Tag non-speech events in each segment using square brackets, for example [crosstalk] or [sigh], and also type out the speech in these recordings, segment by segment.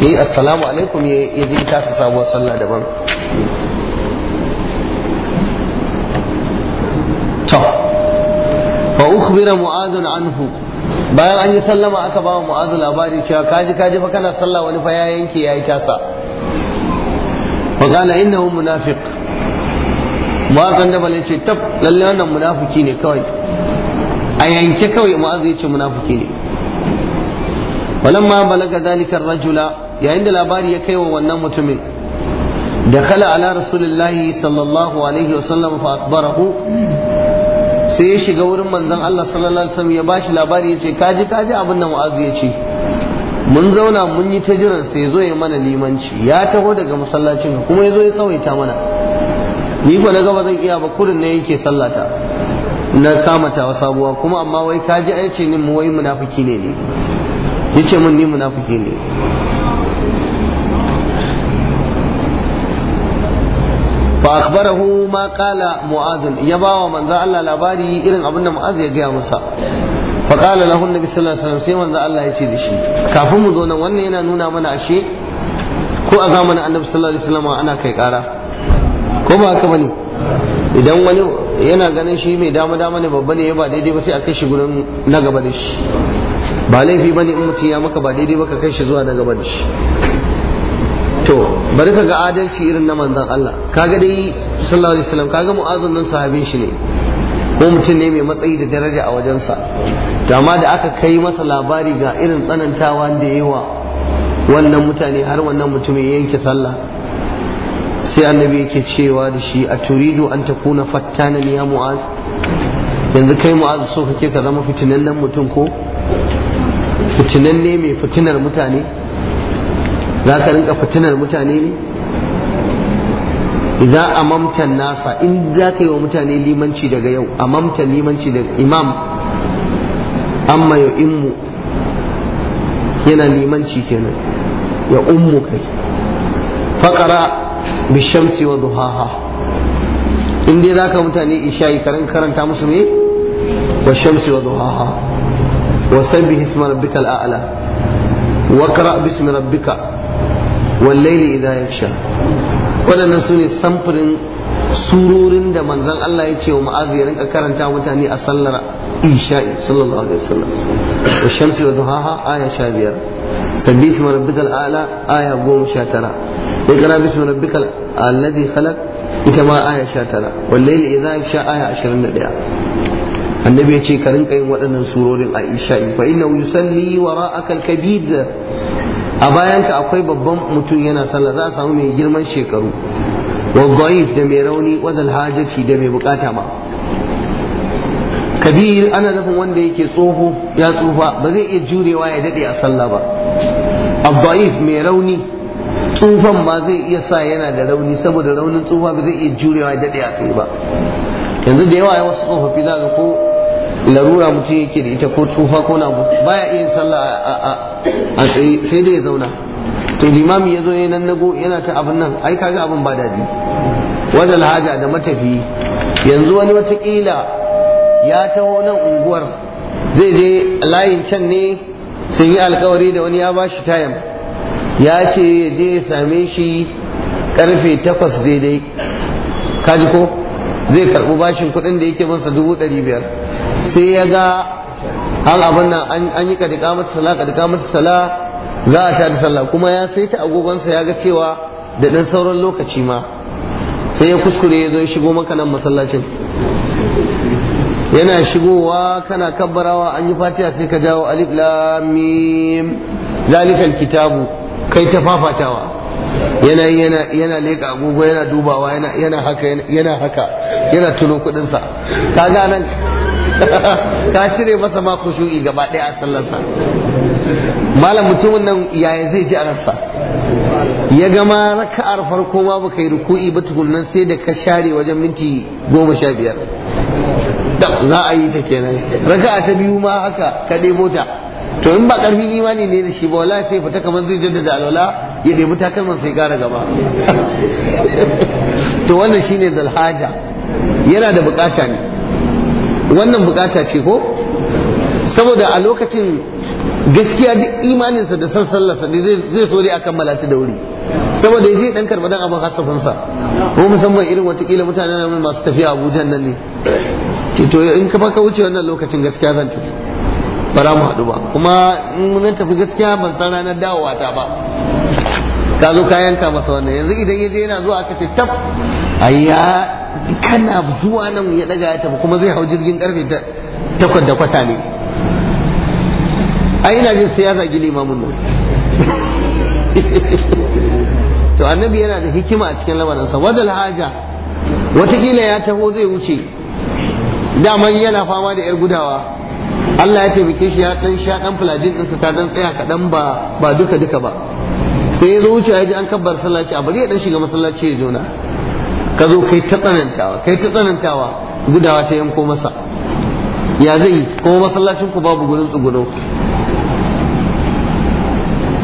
yi assalamu alaikum ya ji ita su sabuwar sallah daban to fa ukhbira mu'adun anhu bayan an yi sallama aka ba mu'adun labari cewa kaji kaji fa kana sallah wani fa ya yanke ya yi tasa fa qala innahu munafiq mu'adun da bale ce tab lalle wannan munafiki ne kawai a yanke kawai mu'adun ya ce munafiki ne walamma balaga dalika rajula yayin da labari ya kai wa wannan mutumin da kala ala rasulullahi sallallahu alaihi wa sallam fa akbarahu sai ya shiga wurin manzon Allah sallallahu alaihi wasallam ya bashi labari ya ce kaji kaji abin da mu'azu ya ce mun zauna mun yi ta jiran sai zo ya mana limanci ya taho daga masallacin kuma ya zo ya tsawaita mana ni ko na gaba zan iya ba kurin ne yake sallata na kamata wa sabuwa kuma amma wai kaji ai ce ni mu wai munafiki ne ne ya ce mun ni munafiki ne fa akhbarahu ma qala mu'adh ya bawa manzo Allah labari irin abin da mu'adh ya gaya masa fa qala lahu annabi sallallahu alaihi wasallam sai manzo Allah ya ce da shi kafin mu zo nan wannan yana nuna mana ashe ko a zamanin annabi sallallahu alaihi wasallam ana kai kara ko ba haka bane idan wani yana ganin shi mai dama dama ne babba ne ya ba daidai ba sai a kai shi gurin na gaba da shi ba laifi ne in mutum ya maka ba daidai baka kai shi zuwa na gaba da shi to bari ka ga adalci irin na manzon Allah kaga dai sallallahu alaihi wasallam kaga mu'azin nan sahabin shi ne ko mutum ne mai matsayi da daraja a wajensa to amma da aka kai masa labari ga irin tsanantawa da yawa wannan mutane har wannan mutumin yanke sallah sai annabi yake cewa da shi a turidu an takuna fattanan ya mu'az yanzu kai mu'az so kake ka zama fitinan nan mutum ko ne mai fitinar mutane za ka rinka fitinar mutane ne idan amamtan nasa in za ka yi wa mutane limanci daga yau amamtan limanci daga imam amma ya immu yana limanci kenan ya ummu kai faƙara bishamsi wa duhaha in dai za ka mutane isha yi karanta musu ne ba shamsi wa duhaha وسبح اسم ربك الأعلى واقرأ باسم ربك والليل إذا يغشى waɗannan su ne samfurin surorin da manzon Allah ya ce wa ma'azu ya rinka karanta mutane a sallar isha'i sallallahu alaihi wasallam wa shamsi wa duhaha aya 15 sabbi ismi rabbikal a'la aya 19 iqra bismi rabbikal alladhi khalaq ita ma aya 19 wal layli idha aya annabi ya ce ka rinka yin waɗannan surorin a isha'i fa inna yusalli kabid a bayanka akwai babban mutum yana sallah za a samu mai girman shekaru wa da mai rauni wadal hajati da mai bukata ma kabir ana nufin wanda yake tsoho ya tsufa ba zai iya jurewa ya dade a sallah ba abdaif mai rauni tsufan ba zai iya sa yana da rauni saboda raunin tsufa ba zai iya jurewa ya dade a tsaye ba yanzu da yawa wasu tsofaffi za ko larura mutum yake da ita ko tsufa ko na abu baya iya sallah a tsaye sai dai ya zauna to limami ya zo yana nago yana ta abin nan ai kaga abin ba daɗi wajen haja da matafi yanzu wani watakila ya taho nan unguwar zai je layin can ne sun yi alkawari da wani ya ba shi tayam ya ce ya je ya same shi karfe takwas daidai kaji ko zai karɓi bashin kuɗin da yake masa dubu ɗari biyar sai ya ga har abin nan an yi kadika mata sala kadika mata sala za a tada sallah kuma ya sai ta agogonsa ya ga cewa da ɗan sauran lokaci ma sai ya kuskure ya zo ya shigo maka nan masallacin yana shigowa kana kabbarawa an yi fatiha sai ka jawo alif lam mim kitabu kai ta fafatawa yana yana yana leka agogo yana dubawa yana yana haka yana haka tuno kudin sa kaga nan [laughs] ka cire masa ma kushu'i gaba ɗaya a sallarsa malam mutumin nan yaya zai ji a ya gama raka'ar farko ma ba yi ruku'i ba tukunnan sai da ka share wajen minti goma sha biyar za a yi ta kenan raka'a ta biyu ma haka ka ɗebo ta to in ba ƙarfin imani ne da shi ba wala sai fita kamar zai jaddada alwala ya nemi takalman sai ƙara gaba [laughs] to wannan shine zalhaja yana da bukata ne wannan bukata ce ko saboda a lokacin gaskiya duk imaninsa da san sallarsa zai so dai a kammala ta da wuri saboda ya je dan karba dan abin hasafinsa ko musamman irin watakila mutane na masu tafiya a abuja nan ne ce to in ka baka wuce wannan lokacin gaskiya zan tafi ba za mu haɗu ba kuma in zan tafi gaskiya ban san ranar dawowa ta ba ka zo ka yanka masa wannan yanzu idan ya je yana zuwa aka ce tab ayya kana zuwa nan ya daga ya tafi kuma zai hau jirgin karfe takwas da kwata ne ai ina jin sai ya zagi limamin nan [laughs] to annabi yana da hikima a cikin lamarinsa wadal haja watakila ya taho zai wuce daman yana fama da yar gudawa Allah ya taimake shi ya dan sha dan fulajin ta dan tsaya kaɗan ba ba duka duka ba sai ya zo wuce ya ji an kabbar sallaci a bari ya dan shiga masallaci ya jona ka zo kai ta tsanantawa kai ta tsanantawa gudawa ta yanko masa ya zai yi kuma masallacin ku babu gurin tsugunau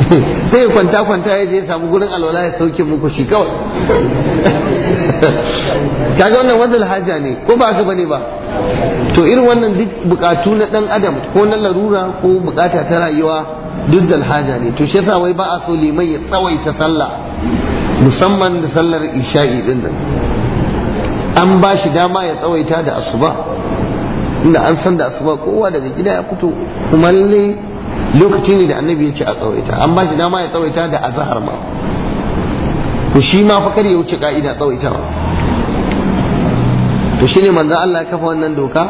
[laughs] sai ya kwanta kwanta ya je samu gurin alwala ya sauke muku shi kawai [laughs] kaga wannan wanda haja ne ko ba haka bane ba to irin wannan duk bukatu na dan adam ko na larura ko bukata ta rayuwa duk da haja ne to shi yasa wai ba a so liman ya tsawaita sallah musamman da sallar isha'i din nan an ba shi dama ya tsawaita da asuba inda an san da asuba kowa daga gida ya fito kuma lalle lokaci ne da annabi ya ce a tsawaita an ba shi dama ya tsawaita da azahar ma to shi ma fa kar ya wuce ka'ida tsawaitawa to shine manzo Allah ya kafa wannan doka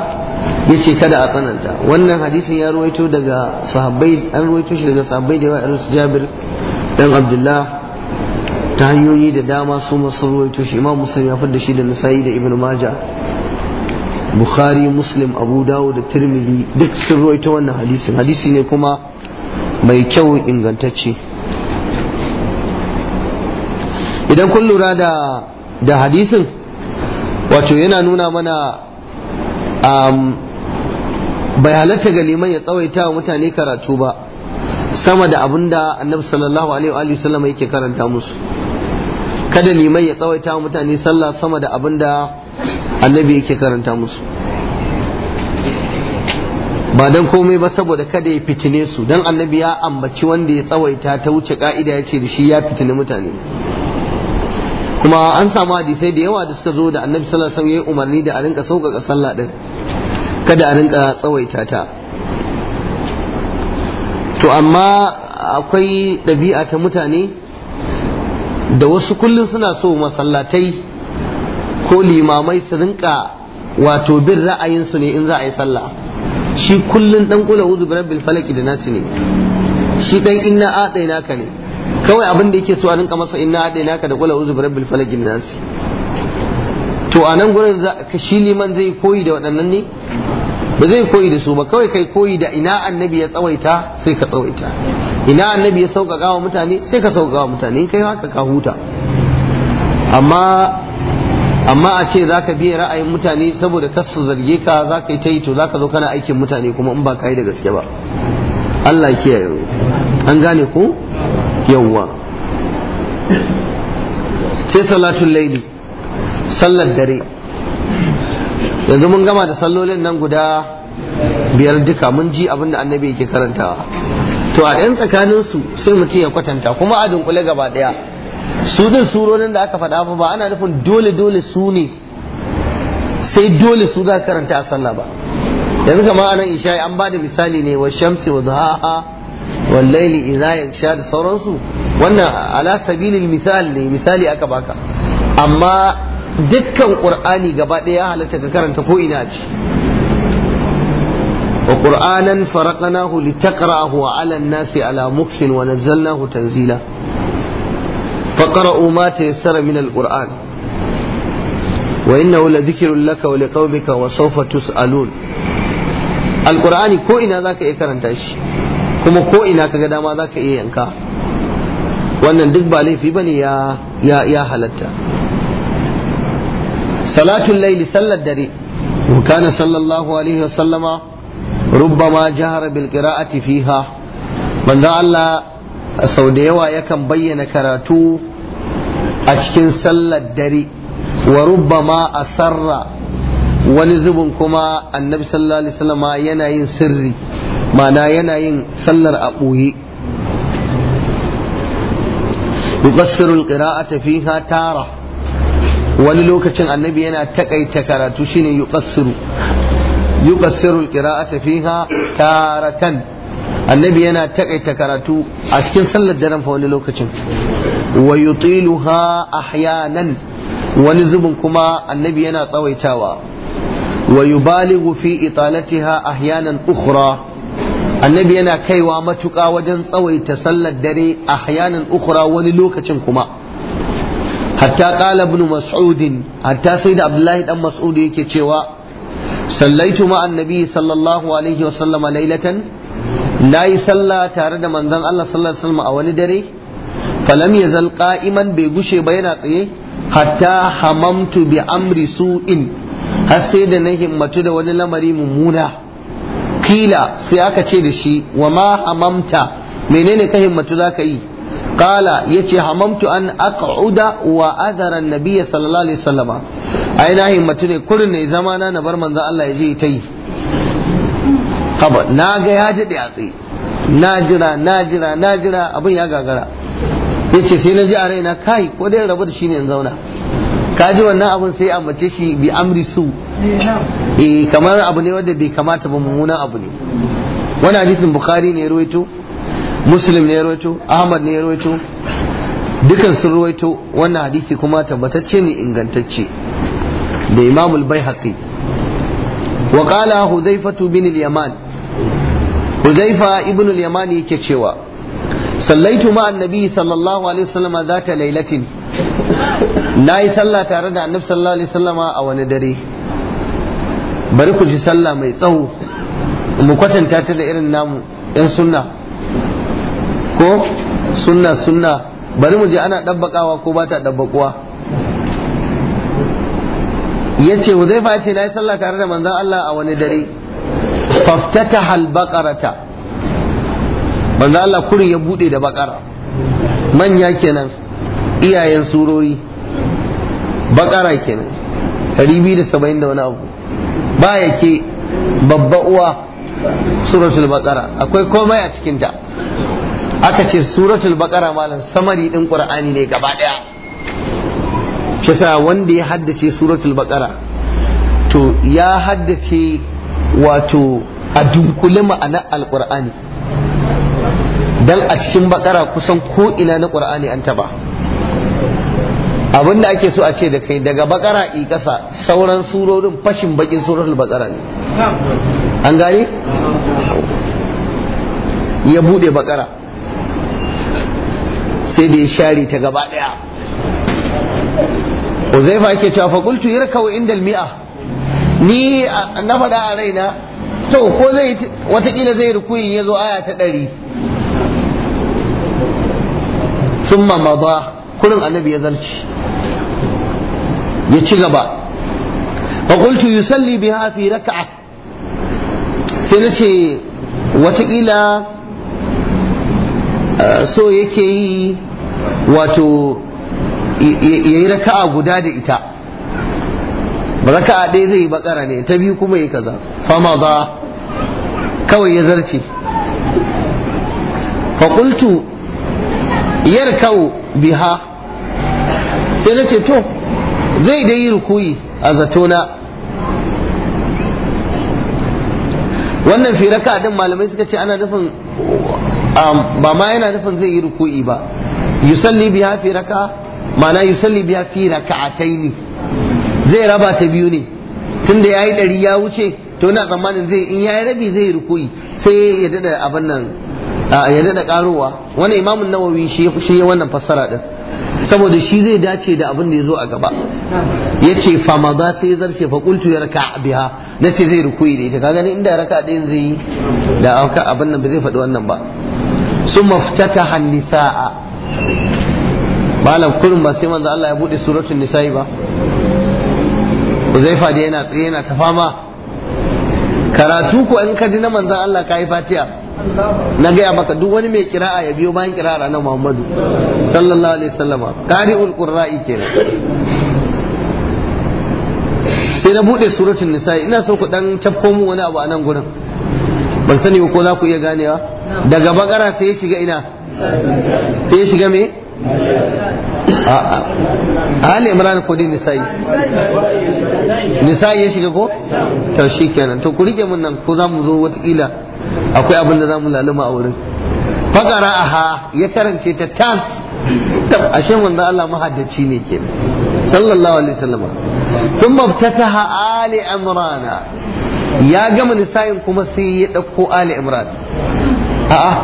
ya ce kada a tsananta wannan hadisin ya ruwaito daga sahabbai an ruwaito shi daga sahabbai da yawa irin su Jabir dan Abdullah ta hanyoyi da dama su masu ruwaito shi imam musulun ya da shi da nasa'i da ibn maja bukhari muslim abu dawo da turmili duk sun ruwaito wannan hadisin hadisi ne kuma mai kyau ingantacce idan kun lura da da hadisin wato yana nuna mana bai halatta ga liman ya tsawaita wa mutane karatu ba sama da abinda annabi sallallahu alaihi wa sallama yake karanta musu kada liman ya tsawaita wa mutane sallah sama da abin da annabi yake karanta musu ba don komai ba saboda kada ya fitine su don annabi ya ambaci wanda ya tsawaita ta wuce ka'ida ya ce da shi ya fitini mutane kuma an samu hadisai da yawa da suka zo da annabi sallallahu alaihi wasallam ya umarni da a rinka sauƙaƙa sallah din kada a rinka tsawaita ta to amma akwai ɗabi'a ta mutane da wasu kullum suna so masallatai ko limamai su rinka wato bin ra'ayinsu ne in za a yi sallah shi kullum dan kula hudu rabbil falaki da nasi ne shi dan inna adaina ka ne kawai abin da yake so a rinka masa inna adaina ka da kula hudu rabbil falaki da nasi to a nan gurin shi liman zai koyi da waɗannan ne ba zai koyi da su ba kawai kai koyi da ina annabi ya tsawaita sai ka tsawaita ina annabi ya sauƙaƙa wa mutane sai ka sauƙaƙa wa mutane kai haka ka huta amma amma a ce zaka biya ra'ayin mutane saboda kar su zarge ka zaka yi ta yi to zaka zo kana aikin mutane kuma in ba ka yi da gaske ba Allah kiyaye an gane ko yawwa sai salatul laili sallar dare yanzu mun gama da sallolin nan guda biyar duka mun ji abin da annabi yake karantawa to a ɗan tsakanin su sai mutum ya kwatanta kuma a dunkule gaba ɗaya su din suronin da aka faɗa ba ana nufin dole dole su ne sai dole su za karanta a sallah ba yanzu kama anan isha an ba da misali ne wa shamsi wa zuha'a wal laili idza yaksha da sauransu wannan ala sabilil misal ne misali aka baka amma dukkan qur'ani gaba ɗaya halatta ka karanta ko ina ce وقرآنا فرقناه لتقرأه على الناس على مكس ونزلناه تنزيلا فقرأوا ما تيسر من القرآن وإنه لذكر لك ولقومك وسوف تسألون القرآن كو إنا ذاك إكرن تاش كما كو إنا كقداما ذاك إيانكا وأن ندق بالي في بني يا يا يا حلتا صلاة الليل صلى الدري وكان صلى الله عليه وسلم rubbama jihar bil qira'ati fiha manzo Allah sau da yawa yakan bayyana karatu a cikin sallar dare wa a sarra. wani zubin kuma annabi sallallahu alaihi wasallam yana yin sirri ma'ana yana yin sallar a ɓoye yuqassiru al tara wani lokacin annabi yana takaita karatu shine yuqassiru yuqassiru alqira'ata fiha taratan annabi yana takaita karatu a cikin sallar daren fa wani lokacin wa yutiluha ahyanan wani zubin kuma annabi yana tsawaitawa wa yubalighu fi italatiha ahyanan ukhra annabi yana kaiwa matuƙa wajen tsawaita sallar dare ahyanan ukhra wani lokacin kuma hatta qala ibn mas'ud hatta sai da abdullahi dan mas'ud yake cewa sallaitu ma'an nabi sallallahu alaihi wa sallama lailatan nayi sallah tare da manzon Allah sallallahu alaihi a wani dare falam yazal qa'iman bai gushe ba yana tsaye hatta hamamtu bi amri su'in har sai da na himmatu da wani lamari mummuna kila sai aka ce da shi wa ma hamamta menene ka himmatu zaka yi قال يتي هممت wa أقعد وأذر النبي sallallahu alaihi wa sallama. ai na himmatu ne kurin ne zama na na bar manzon Allah ya je ta yi haba na ga ya daɗe a tsaye na jira na jira na jira abin ya gagara ya ce sai na ji a raina kai ko dai rabu da shi ne in zauna ka ji wannan abin sai a mace shi bi amri su eh kamar abu ne wanda bai kamata ba mummunan abu ne wani hadisin bukhari ne ya ruwaito muslim ne ya ruwaito ahmad ne ya ruwaito dukan sun ruwaito wannan hadisi kuma tabbatacce ne ingantacce da imamul baihaqi wa qala hudhaifatu bin al-yaman hudhaifa ibn al-yaman yake cewa sallaitu ma annabi sallallahu alaihi wasallam zata lailatin nayi sallah tare da annabi sallallahu alaihi wasallama a wani dare bari ku ji sallah mai tsawo mu kwatanta ta da irin namu yan sunna ko sunna sunna bari mu je ana ɗabbaƙawa ko ba ta ɗabbaƙuwa yace Huzaifa na yi sallah tare da manzon Allah a wani dare faftata al-baqarata manzon Allah kurin ya bude da bakara manya kenan iyayen surori bakara kenan 270 da wani abu ba yake babba uwa suratul baqara akwai komai a cikinta aka ce suratul baqara malam samari din qur'ani ne gaba daya shi wanda ya haddace suratul baqara to ya haddace wato a dunkule ma'anar alkur'ani Don a cikin baƙara kusan ko'ina na qur'ani an taba abinda ake so a ce da kai daga baƙara i kasa sauran surorin fashin bakin suratul bakara ne an gane ya bude baƙara. sai da ya share ta gaba ɗaya. uzaifa yake cewa fa qultu yarkau inda mi'a ni na faɗa a raina to ko zai watakila zai rukuyin ya zo aya ta ɗari summa maza kullum annabi ya zarci ya ci gaba fa qultu yusalli biha fi rak'a sai na ce watakila so yake yi wato yayi raka'a guda da ita raka'a ɗaya zai yi bakara ne ta biyu kuma yi kaza fama za kawai ya zarce faƙultu yarkau biha sai na ce to zai dai yi rukuyi a zatona wannan raka din malamai suka ce ana nufin um, ba ma yana nufin zai yi rukuyi ba yusalli biha firaka ma'ana yusalli biya fi raka'ataini zai raba ta biyu ne tunda yayi dari ya wuce to ina tsammanin zai in yayi rabi zai rukui sai ya dada abin nan ya dada karowa wani imamun nawawi shi ya wannan fassara din saboda shi zai dace da abin da ya zo a gaba ya ce fama za ta yi zarce fa kultu ya raka biya. na ce zai rukui da ita kaga ne inda raka ɗayan zai yi da abin nan ba zai faɗi wannan ba sun maftata hannisa'a malam kurin ba sai manzo Allah ya bude suratul nisa'i ba Uzaifa da yana tsaye yana ta fama karatu ko in ka ji na manzo Allah kai fatiya. fatiha na gaya maka duk wani mai kira'a ya biyo bayan kira'a na Muhammadu sallallahu alaihi wasallam qari'ul qurra'i kenan sai na bude suratul nisa'i ina so ku dan cafko mu wani abu a nan gurin ban sani ko za ku iya ganewa daga bakara sai ya shiga ina sai ya shiga me a'a ali imran ko dai nisa'i nisa'i ya shiga ko to kenan to ku rike mun nan ko za mu zo watakila akwai abin da za mu a wurin fagara aha ya karance ta tas ashe wanda Allah mahaddaci ne ke sallallahu alaihi wasallam thumma mabtataha ali imrana ya gama nisa'in kuma sai ya dauko ali imran a'a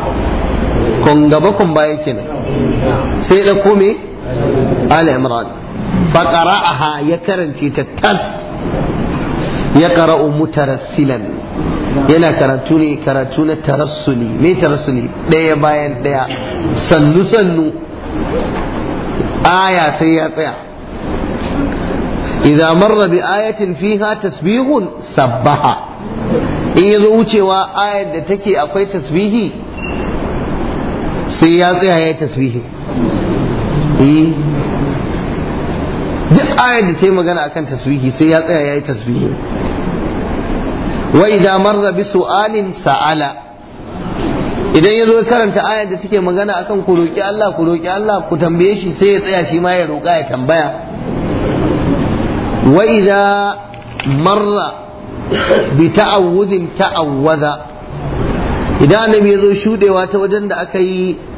kun gaba kun baya kenan sai da kome ali imran a ha ya karance ta tas ya qara'u mutarassilan yana karatu ne karatu na tarassuli me tarassuli daya bayan daya sannu sannu aya sai ya tsaya idan marra bi ayatin fiha tasbihun sabbaha in zo wucewa ayar da take akwai tasbihi sai ya tsaya ya yi tasbihi eh. duk ayar da ta yi magana akan tasbihi sai ya tsaya ya yi tasbihi wa idan marra bi su'alin sa'ala idan ya zo karanta ayar da take magana akan ku roki Allah ku roki Allah ku tambaye shi sai ya tsaya shi ma ya roka ya tambaya wa idza marra bi ta'awudin ta'awwaza idan annabi ya zo shudewa ta wajen da aka yi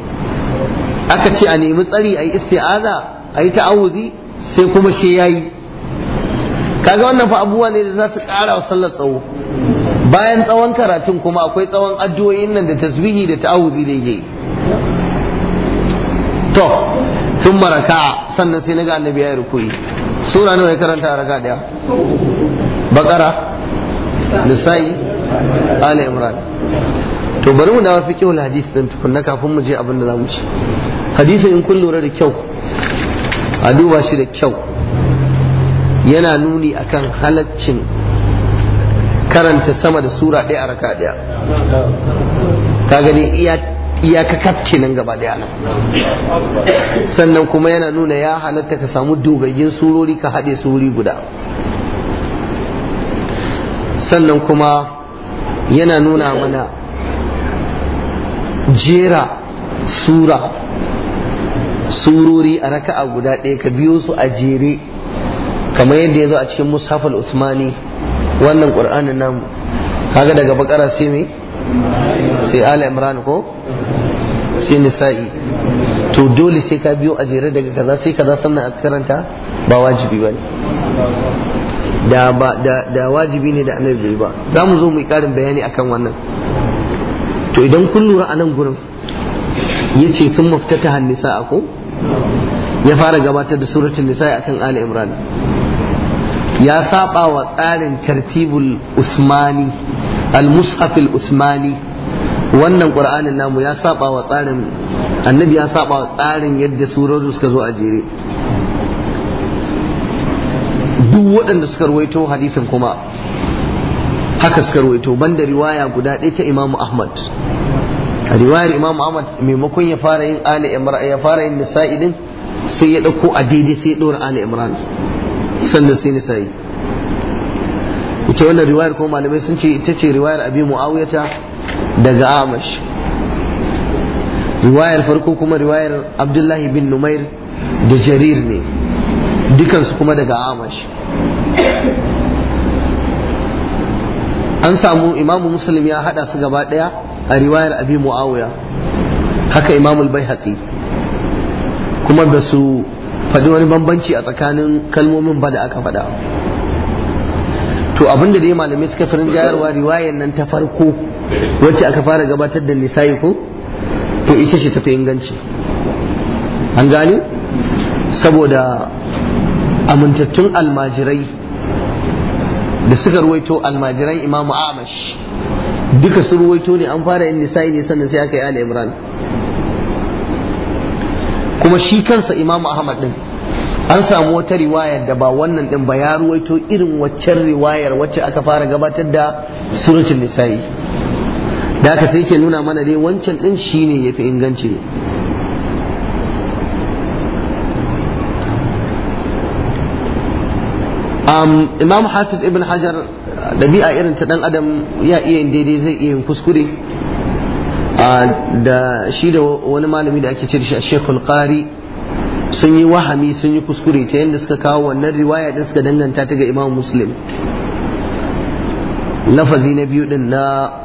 aka ce a nemi tsari a yi isti'aza a yi ta'awuzi sai kuma shi ya yi kaga wannan fa abubuwa ne da za su ƙara wa sallar tsawo bayan tsawon karatun kuma akwai tsawon addu'o'in nan da tasbihi da ta'awuzi da yake to sun maraka sannan sai naga annabi ya yi rukuyi sura nawa ya karanta a raka daya bakara nisa'i ali imran to bari mu dawo fiqhul hadis din tukunna kafin mu je abin da zamu ci hadisi in kun lura da kyau a duba shi da kyau yana nuni akan halaccin karanta sama da sura ɗaya a raka ɗaya ka gani iya ka kafke nan gaba ɗaya nan sannan kuma yana nuna ya halatta ka samu dogayen surori ka haɗe wuri guda sannan kuma yana nuna mana jera sura surori a raka'a guda ɗaya ka biyo su a jere kamar yadda ya zo a cikin musafal usmani wannan ƙur'anin namu kaga daga bakara sai mai sai ala imran ko sai nisa'i to dole sai ka biyo a jere daga kaza sai kaza sannan a karanta ba wajibi ba ne da wajibi ne da annabi ba za mu zo mu yi karin bayani akan wannan to idan kun lura a nan gurin ya ce sun mafita ta hannisa a ko ya fara gabatar da suratun nisa a kan ali imran ya saba wa tsarin tartibul usmani al-mushafil usmani wannan qur'anin namu ya saba wa tsarin annabi ya saba wa tsarin yadda surorin suka zo a jere duk waɗanda suka ruwaito hadisin kuma haka suka ruwaito banda riwaya guda ɗaya ta Imam Ahmad a riwayar Imam Ahmad maimakon ya fara yin Ali Imran ya fara yin Nisa'i din sai ya ɗauko a daidai sai ya ɗora Ali Imran sannan sai Nisa'i ita wannan riwayar ko malamai sun ce ita ce riwayar Abi Muawiyata daga Amash riwayar farko kuma riwayar Abdullahi bin Numair da Jarir ne dukansu kuma daga Amash an samu imamu muslim ya hada su gaba daya a riwayar abi muawiya haka imamul baihaqi kuma da su faɗi wani bambanci a tsakanin kalmomin ba da aka faɗa to abinda dai malamai suka firin jayarwa riwayar nan ta farko wacce aka fara gabatar da nisa'i ko to ita ce tafi inganci an gane saboda amintattun almajirai da suka ruwaito almajiran imamu amash duka su ruwaito ne an fara yin nisa'i ne sannan sai aka yi ali imran kuma shi kansa imamu ahmad din an samu wata riwayar da ba wannan din ba ya ruwaito irin waccan riwayar wacce aka fara gabatar da suratul nisa'i da aka sai ke nuna mana dai wancan din shine yafi inganci imam hafiz ibn hajar ɗabi'a irin ta ɗan adam ya iya yin daidai zai iya yin kuskure da shi da wani malami da ake cire shi a shekul ƙari sun yi wahami sun yi kuskure ta yadda suka kawo wannan riwaya din suka danganta ta ga imam muslim lafazi na biyu din na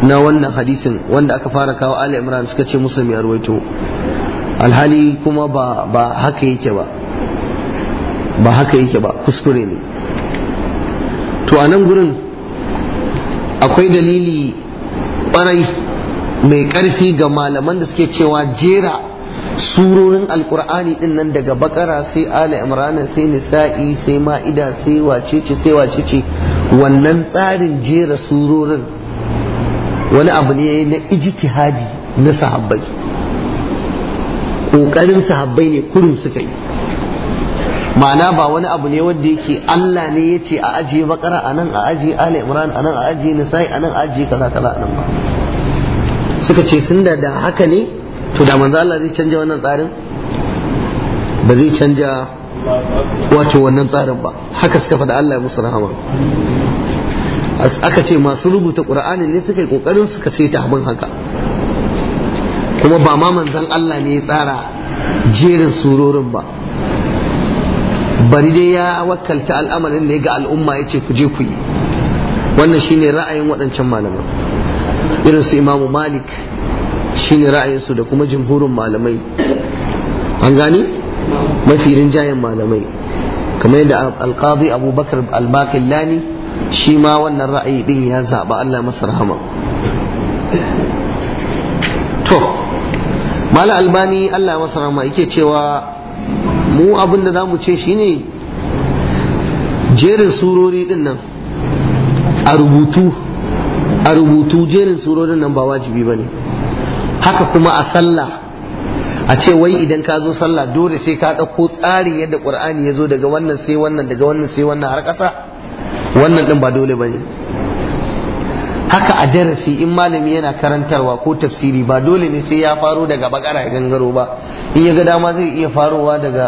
wannan hadisin wanda aka fara kawo ali imran suka ce muslim ya ruwaito alhali kuma ba haka yake ba ba haka yake ba kuskure ne to a nan gurin akwai dalili ɓarai mai ƙarfi ga malaman da suke cewa jera surorin alkur'ani din nan daga baƙara sai ala imrana sai nisa'i sai ma'ida sai wacece sai wacece wannan tsarin jera surorin wani abu ne na ijtihadi na sahabbai ƙoƙarin sahabbai ne kurum suka yi ma'ana ba wani abu ne wanda yake Allah ne ya ce a ajiye bakara a nan a ajiye ali imran a nan a ajiye nisa'i a nan a ajiye kaza kaza a nan ba suka ce sun da da haka ne to da manzo Allah zai canja wannan tsarin ba zai canja wato wannan tsarin ba haka suka faɗa Allah ya musu rahama aka ce masu rubuta qur'anin ne suka yi kokarin suka fita abin haka kuma ba ma manzon Allah ne ya tsara jerin surorin ba bari dai ya wakkalta al'amarin ya ga al'umma ya ce ku je ku yi wannan shi ne ra'ayin waɗancan malaman irin su imamu malik shi ne ra'ayinsu da kuma jimhurin malamai an gani mafi rinjayen malamai kamar yadda alkazi abubakar albakillani shi ma wannan ra'ayi ɗin ya zaɓa allah masa rahama to mala albani allah masa rahama yake cewa mu abin da za mu ce ne jerin surori din nan a rubutu a rubutu jerin surorin nan ba wajibi ba ne haka kuma a sallah a ce wai idan ka zo sallah dole sai ka ɗauko tsari yadda ƙur'ani ya zo daga wannan sai wannan daga wannan sai wannan har ƙasa wannan ɗin ba dole ba ne haka a darasi in malami yana karantarwa ko tafsiri ba dole ne sai ya faro daga bakara ya gangaro ba in ya ga dama zai iya farowa daga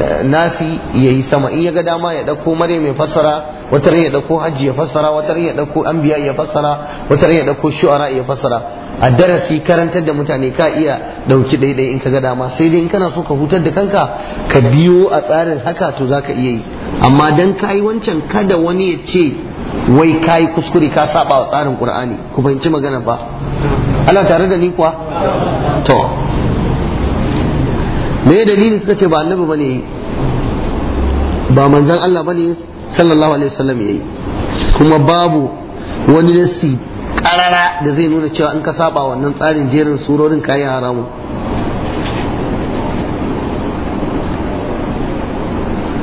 eh, nasi ya yi sama in ya ga dama ya ɗauko maryam ya fassara wata ya ɗauko hajji ya fassara wata ya ɗauko anbiya ya fassara wata ya ɗauko shu'ara ya fassara a darasi karantar da mutane ka iya ɗauki ɗaiɗai in ka ga dama sai dai in kana so ka hutar da kanka ka biyo a tsarin haka to zaka iya yi amma dan ka yi wancan kada wani ya ce wai ka yi kuskure ka saba wa tsarin qur'ani ku fahimci magana ba ana tare da ni kuwa to me dalilin suka ce ba annabi ba yi ba manzan Allah ba ne sallallahu alaihi wasallam yi kuma babu wani nassi karara da zai nuna cewa in ka saba wannan tsarin jerin surorin kayi haramun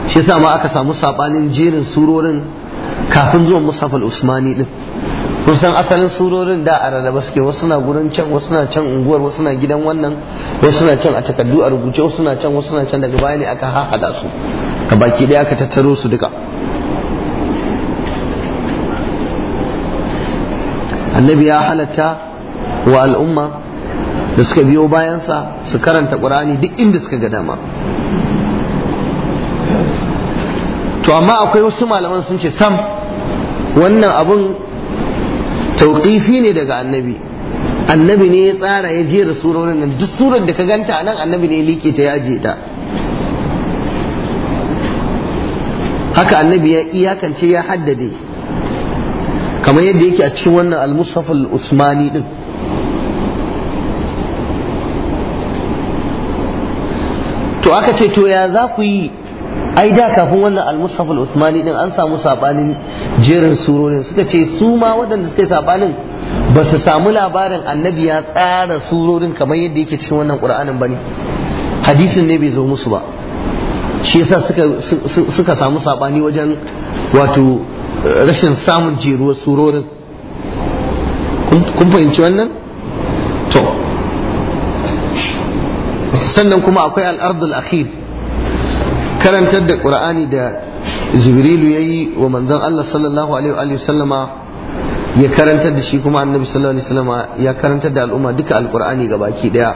shi ma aka samu sabanin jerin surorin kafin zuwan musafal usmani din san asalin surorin da a rarraba suke wasu na gurin can wasu na can unguwar wasu na gidan wannan wasu na can a takardu a rubuce wasu na can wasu na can daga baya ne aka haɗa su ka baki ɗaya aka tattaro su duka annabi ya halatta wa al'umma da suka biyo bayansa su karanta ƙurani duk inda suka ga dama to amma akwai wasu malaman sun ce sam wannan abun tauƙifi ne daga annabi annabi ne ya tsara ya jera surorin nan duk surar da ka ganta a nan annabi ne ya liƙe ta ya je ta haka annabi ya iyakance ya haddade kamar yadda yake a cikin wannan al-mushaf usmani din to aka ce to ya za ku yi ai da kafin wannan al-mushaf al-usmani din an samu sabanin jerin surorin suka ce su ma waɗanda suka yi sabanin ba su samu labarin annabi ya tsara surorin kamar yadda yake cikin wannan qur'anin bane hadisin ne bai zo musu ba shi yasa suka suka samu sabani wajen wato rashin samun jeruwar surorin kun fahimci wannan to sannan kuma akwai al-ardul akhir karantar da ƙura'ani da jibrilu ya yi wa manzan Allah sallallahu alaihi wa sallama ya karantar da shi kuma annabi sallallahu alaihi wasallama ya karantar da al'umma duka alqur'ani baki daya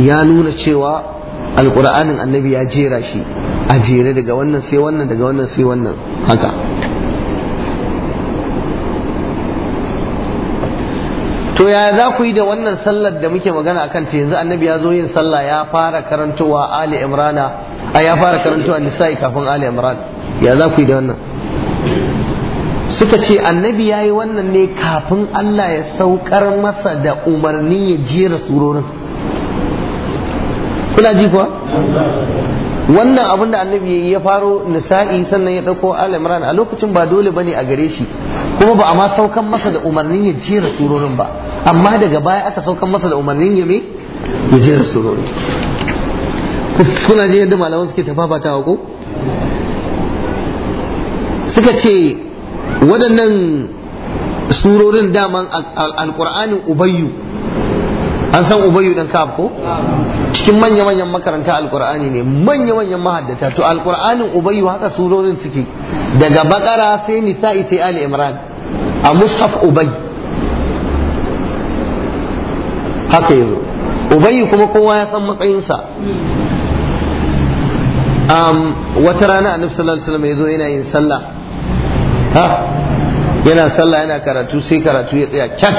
ya nuna cewa alqur'anin annabi ya jera shi a jere daga wannan sai wannan daga wannan sai wannan haka to yaya za ku yi da wannan sallar da muke magana a kanta yanzu annabi ya zo yin sallah ya fara karantowa ali imrana a ya fara karantowa nisa'i kafin ali imran ya za ku yi da wannan suka ce annabi ya yi wannan ne kafin allah ya saukar masa da umarni ya jera surorin kuna ji kuwa wannan abin da annabi ya faro nisa'i sannan ya dauko al imran a lokacin ba dole bane a gare shi kuma ba a ma saukan masa da umarnin ya jera surorin ba amma daga baya aka saukan masa da umarnin ya me ya jera surorin kuna ji yadda malaman suke tafafatawa ko suka ce waɗannan surorin daman alƙur'anin ubayyu an san ubayyu dan kaf ko cikin manya manyan makaranta alqur'ani ne manya manyan mahaddata to alqur'anin ubayu haka surorin suke daga bakara sai nisa'i sai ali imran a mushaf ubay haka yazo ubayyu kuma kowa ya san matsayinsa um, wata rana annabi sallallahu alaihi wasallam yazo yana yin sallah ha yana sallah yana karatu sai karatu ya tsaya cat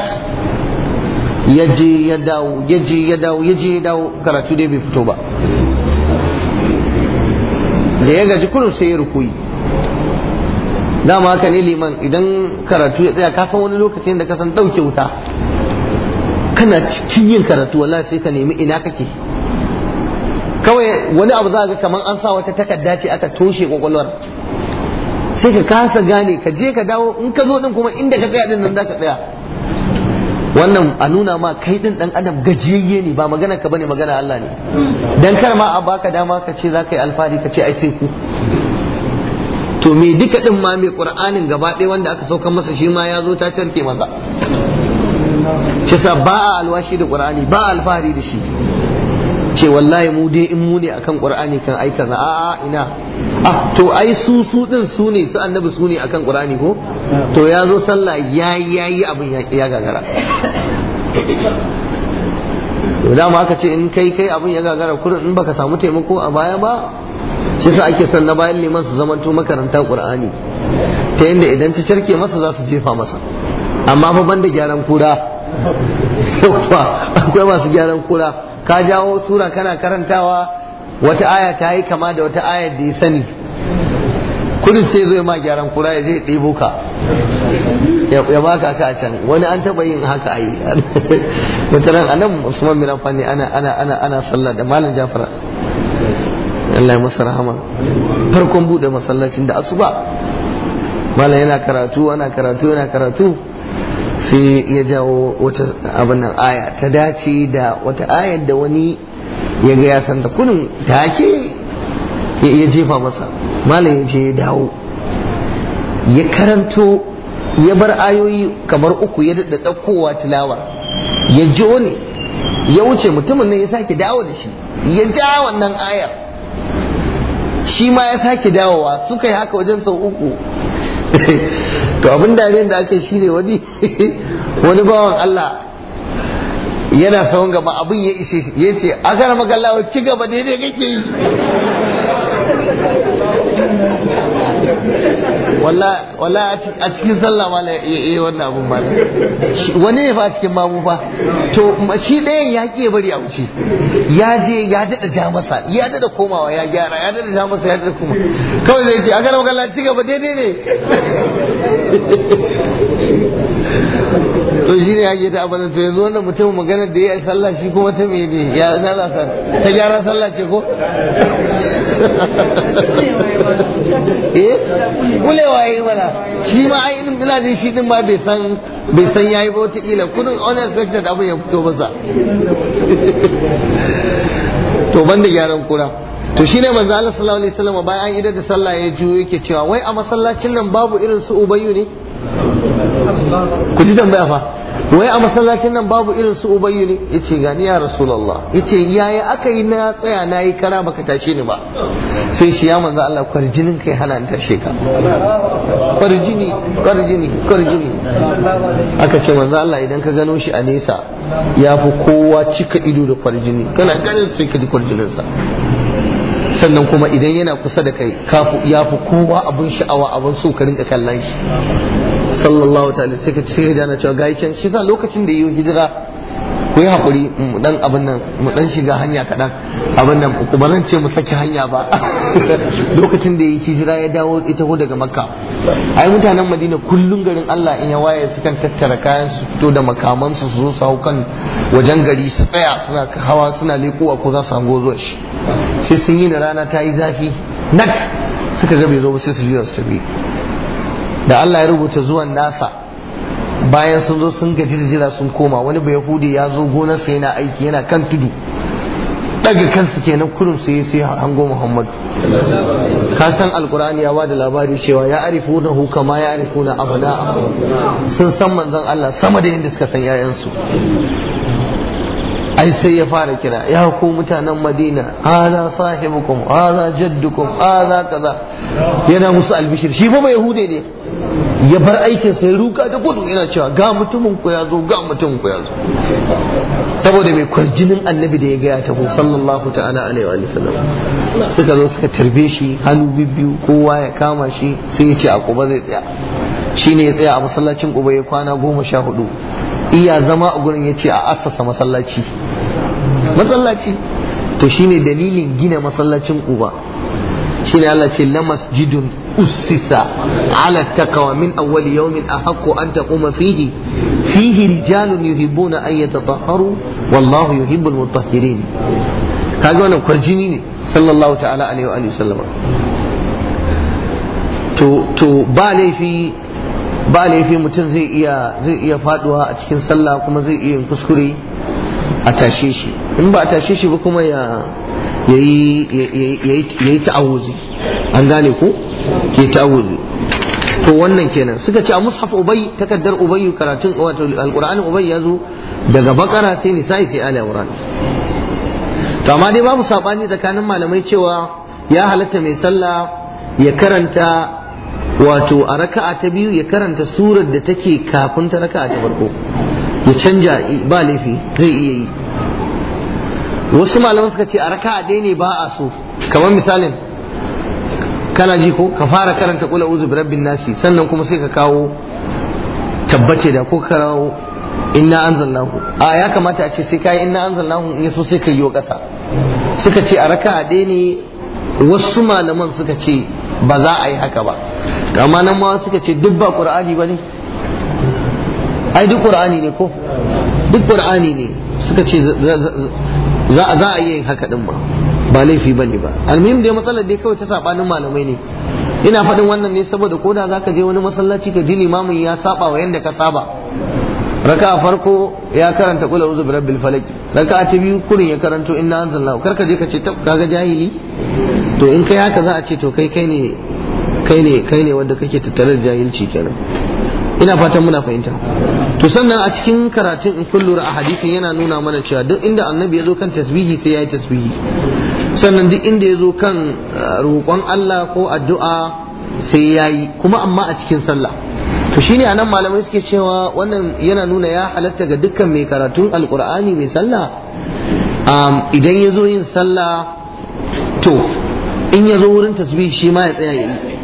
ya je ya dawo ya ya dawo ya ya dawo karatu dai bai fito ba da ya gaji kunu sai ya rukuyi dama haka ne liman idan karatu ya tsaya kasan wani lokacin da kasan ɗauke wuta kana cikin yin karatu wala sai ka nemi ina kake kawai wani abu za ga kamar an sa wata takarda ce aka toshe kwakwalwar sai ka kasa gane ka je ka dawo in ka zo din kuma inda ka tsaya din nan za ka tsaya wannan a nuna ma kai din dan adam gajiyayye ne ba magana ka bane magana Allah ne dan kar ma a baka dama ka ce zaka yi alfahari ka ce ai sai ku to me duka din ma me qur'anin gaba ɗaya wanda aka sauka masa shi ma ya zo ta cirke masa ce sa ba alwashi da qur'ani ba alfahari da shi ce wallahi mu dai in mu ne akan qur'ani kan aika za a a ina ah to ai su su din su ne su annabi su ne akan qur'ani ko to ya zo sallah ya yayi abin ya gagara Da dama aka ce in kai kai abin ya gagara kurin in baka samu taimako a baya ba shi sa ake son na bayan liman su zamanto makaranta qur'ani ta yadda idan ci carke masa za su jefa masa amma fa banda gyaran kura [laughs] akwai masu gyaran kura ka jawo sura kana karantawa wata aya ta yi kama da wata aya da ya sani kudin sai zo ma gyaran kura ya zai ɗibo ka ya ba ka a can wani an taɓa yin haka a yi [laughs] mutanen anan musamman mai amfani ana ana ana ana sallah da malam jafara Allah ya masa rahama farkon buɗe masallacin da asuba malam yana karatu ana karatu yana karatu sai ya jawo wata abin aya ta dace da wata ayar da wani ya ga ya san da ta ke ya jefa masa malam ya je ya dawo ya karanto ya bar ayoyi kamar uku ya daɗa ɗaukowa tilawa ya jo ne ya wuce mutumin nan ya sake dawo da shi ya ja wannan ayar shi ma ya sake dawowa suka yi haka wajen sau uku [laughs] to abin da dariyar da ake shi ne wani wani bawan Allah yana sawan gaba abin ya ishe shi ya ce a kana magalla ci gaba daidai kake yi walla a cikin sallah ma ya yi wannan abun ba wani ne fa cikin babu fa to shi ɗayan ya ke bari a wuce ya je ya daɗa ja masa ya daɗa komawa ya gyara ya daɗa ja masa ya daɗa koma kawai zai ce a gara magana ci gaba daidai ne to shi ne ya ke ta abadan to yanzu wannan mutum maganar da ya yi sallah shi kuma ta mene ya sa ta gyara sallah ce ko eh ya yi mana shi ma ai in ina jin shi din ma bai san bai san yayi ba wata kila kudin unexpected abin ya fito masa to banda gyaran kura to shine manzo Allah sallallahu alaihi wasallam bayan an idar da sallah ya juyo yake cewa wai a masallacin nan babu irin su ubayyu ne ku ji tambaya fa wai a masallacin nan babu irin su ubayyu ne yace gani ya rasulullah yace yaya aka yi na tsaya na yi kara baka tashe ni ba sai shi ya manzo Allah kwarjinin kai hana in tashe ka kwarjini kwarjini kwarjini aka ce manzo Allah idan ka gano shi a nesa ya fi kowa cika ido da kwarjini kana ganin sai ka ji kwarjinin sa sannan kuma idan yana kusa da kai ya fi kowa abin sha'awa abin so ka rinka kallon shi sallallahu ta'ala sai ka sai na cewa gai can shi sa lokacin da yi hijira ku yi haƙuri mu dan abin nan mu dan shiga hanya kaɗan abin nan ku ba ce mu saki hanya ba [laughs] lokacin da yi hijira ya dawo ita ko daga makka ai mutanen madina kullum garin Allah in ya waye sukan tattara kayan su fito da makamansu su su zo kan wajen gari su tsaya suna hawa suna lekowa ko za su hango zuwa shi sai sun yi da rana ta yi zafi nak suka ga zo ba sai su juya su tafi da Allah ya rubuta zuwan nasa bayan sun zo sun gaji da jira sun koma wani bai hude ya zo gonarsa yana aiki yana kan tudu daga kansu kenan kurum sai sai hango Muhammad ka san alqur'ani ya bada labari cewa ya hu kama ya arifuna abada. sun san manzon Allah sama da yanda suka san yayansu ai sai ya fara kira ya ku mutanen Madina hada sahibukum hada jaddukum hada kaza yana musu albishir shi fa ba hude ne ya bar aikin sai ruka da gudu yana cewa ga mutumin ku ya zo ga mutumin ku ya zo saboda mai kwarjinin annabi da ya gaya ta ku sallallahu ta'ala alaihi wa sallam suka zo suka tarbe shi hannu bibbiyu kowa ya kama shi sai ya ce a kuba zai tsaya shine ya tsaya a masallacin kuba ya kwana goma sha hudu iya zama a gurin ya ce a assasa masallaci masallaci to shine dalilin gina masallacin kuba shine Allah ce la masjidun أسس على التقوى من أول يوم أحق أن تقوم فيه فيه رجال يحبون أن يتطهروا والله يحب المطهرين kaga wannan kwarjini ne sallallahu ta'ala alaihi wa sallama to ba laifi mutum zai iya zai a cikin sallah kuma zai iya kuskure a tashe shi in ba a tashe shi ba kuma ya yayi yayi ta'awuzi an gane ko ke ta'awuzi to wannan kenan suka ce a mushaf ubay takaddar ubay karatun wato alquran ubay yazo daga bakara sai nisa'i sai ali imran to amma dai babu sabani tsakanin malamai cewa ya halatta mai sallah ya karanta wato a raka'a ta biyu ya karanta surar da take kafin ta raka'a ta farko ya canja ba laifi zai iya yi wasu malaman suka ce a raka'a dai ne ba a so kamar misalin kana ji ko ka fara karanta kula uzu bi rabbin nasi sannan kuma sai ka kawo tabbace da ko ka kawo inna anzalnahu a ya kamata a ce sai kai inna anzalnahu in yaso sai ka yi kasa suka ce a raka'a ɗaya ne wasu malaman suka ce ba za a yi haka ba amma nan ma suka ce duk ba qur'ani bane ai duk qur'ani ne ko duk qur'ani ne suka ce za a yi haka din ba ba laifi ba ne ba almuhim dai matsalar dai kawai ta sabanin malamai ne ina faɗin wannan ne saboda ko da zaka je wani masallaci ka ji limamin ya saba wa yanda ka saba raka a farko ya karanta kula uzu birabbil falak raka ta biyu kurin ya karanto inna anzalna kar ka je ka ce ta kaga jahili to in kai haka za a ce to kai kai ne kai wanda kake tattare da jahilci kenan ina fatan muna fahimta to sannan a cikin karatun in kun lura a hadisin yana nuna mana cewa duk inda annabi ya zo kan tasbihi sai ya yi tasbihi sannan duk inda ya zo kan uh, roƙon Allah ko addu'a sai ya yi kuma amma a cikin sallah to shine anan malamai suke cewa wannan yana nuna ya halatta ga dukkan mai karatun alkur'ani mai sallah um, idan ya zo yin sallah to in ya zo wurin tasbihi shi ma ya tsaya ya yi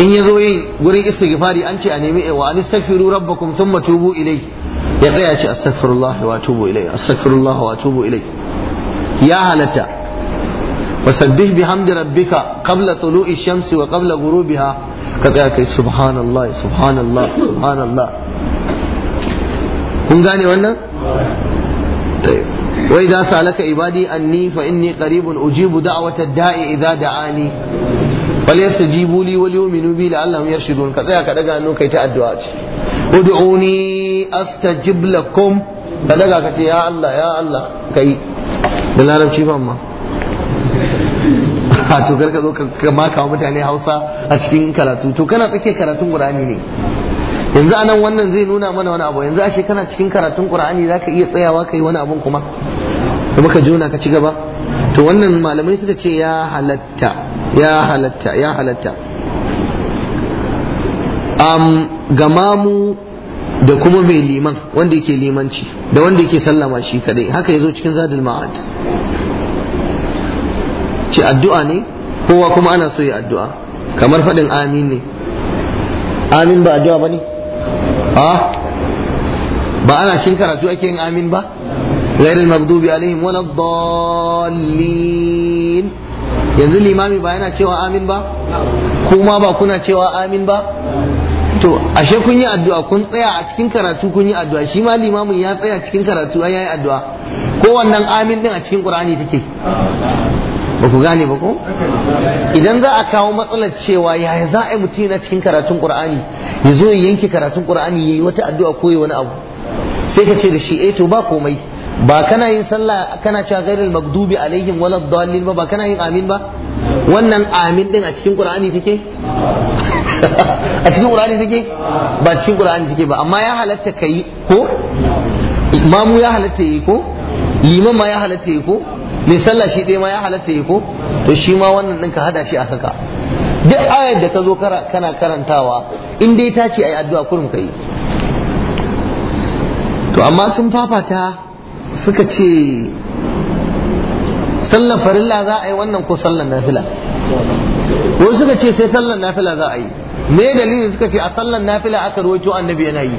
in ya zo yin gurin istighfari an ce a nemi wa an istaghfiru rabbakum thumma tubu ilayhi ya tsaya ce astaghfirullah wa tubu ilayhi astaghfirullah wa tubu ilayhi ya halatta wasabbih bihamdi rabbika qabla tulu'i shamsi wa qabla ghurubiha ka tsaya kai subhanallah subhanallah subhanallah kun gane wannan wai za su laka ibadi anni fa inni qaribun ujibu da'wata da'i idza da'ani bal yastajibu li wal yu'minu bi la'allahum yarshudun ka tsaya ka daga hannu kai ta addu'a ce ud'uni jibla kom ka daga ka ce ya Allah ya Allah yi. da larabci ban ma a [laughs] to ka zo ka maka mutane Hausa a cikin karatu to kana tsake karatun Qur'ani ne yanzu anan wannan zai nuna mana wani abu yanzu ashe kana cikin karatun Qur'ani zaka iya tsayawa kayi wani abun kuma ka jona ka ci gaba to wannan malamai suka ce ya halatta ya halatta ya halatta um, mu da kuma mai liman wanda yake limanci da wanda yake sallama shi kadai haka yazo cikin zadul ma'ad ce addu'a ne kowa kuma ana so ya addu'a kamar faɗin amin ne amin ba addu'a ba ne ah? ba ana cin karatu ake yin amin ba غير المغضوب عليهم ولا الضالين yanzu الإمام ba yana cewa amin ba kuma ba kuna cewa amin ba to ashe kun yi addu'a kun tsaya a cikin karatu kun yi addu'a shi ma limamin ya tsaya cikin karatu ai yayi addu'a ko wannan amin din a cikin qur'ani take ba ku gane ba ko idan za a kawo matsalar cewa yaya za a yi mutum na cikin karatun qur'ani ya zo yanke karatun qur'ani yayi wata addu'a ko wani abu sai ka ce da shi eh to ba komai ba kana yin sallah kana cewa ghairil maghdubi alaihim wala dallin ba ba kana yin amin ba wannan amin din a cikin qur'ani take [laughs] a cikin qur'ani take ba cikin qur'ani take ba amma ya halatta kai ko imamu ya halatta yi ko liman ma ya halatta yi ko mai sallah shi ɗaya ma ya halatta yi ko to shi ma wannan din ka hada shi a haka duk ayar da ka zo kana karantawa in dai ta ce ai addu'a kurum ka yi to amma sun fafata suka ce sallar farilla za a yi wannan ko sallar nafila Wani suka ce sai sallar nafila za a yi me dalili suka ce a sallar nafila aka rawaito annabi yana yi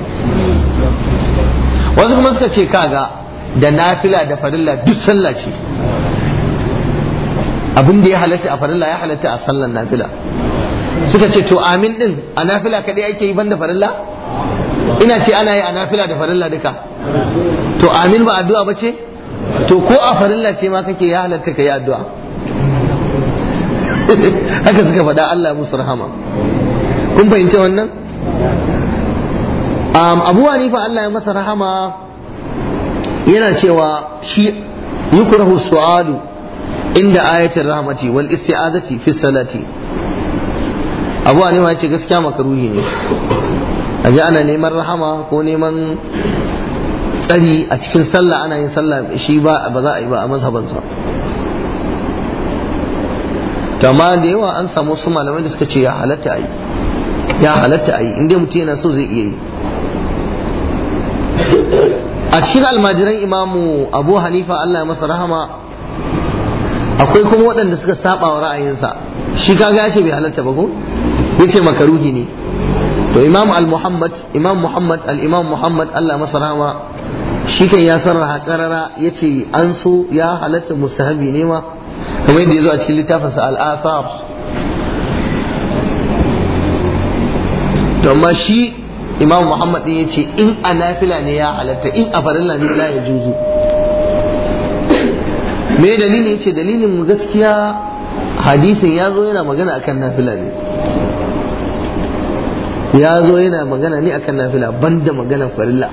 wasu kuma suka ce kaga da nafila da farilla duk sallah ce abin da ya halatta a farilla ya halatta a sallar nafila suka ce to amin din a nafila kadai ake yi banda farilla ina ce ana yi a nafila da farilla duka to amin ba addu'a ba ce to ko a farilla ce ma kake ya halarta ka yi addu'a [laughs] haka suka faɗa Allah musu rahama kun fahimci wannan abu fa Allah ya masa rahama yana cewa shi yukrahu su'alu inda ayatul rahmati wal isti'azati fi salati abu ma ya ce gaskiya makaruhi ne a ana neman rahama ko neman tsari a cikin sallah ana yin sallah shi ba ba za a yi ba a mazhaban sa amma da yawa an samu wasu malamai da suka ce ya halatta a yi ya halatta a yi inda mutum yana so zai iya yi a cikin almajiran imamu abu hanifa allah ya masa rahama akwai kuma waɗanda suka saba wa ra'ayinsa shi kaga ya ce bai halatta ba ko ya ce makaruhi ne to imam al-muhammad imam muhammad al-imam muhammad allah masa rahama shi kan ya sarraha karara ya ce an so ya halatta mustahabi ne ma kamar yadda ya zo a cikin littafinsa al'asar to amma shi imam muhammad ya ce in a nafila ne ya halatta in a farilla ne la ya juzu me dalili ya ce dalilin mu gaskiya hadisin ya zo yana magana akan nafila ne ya zo yana magana ne akan nafila banda magana farilla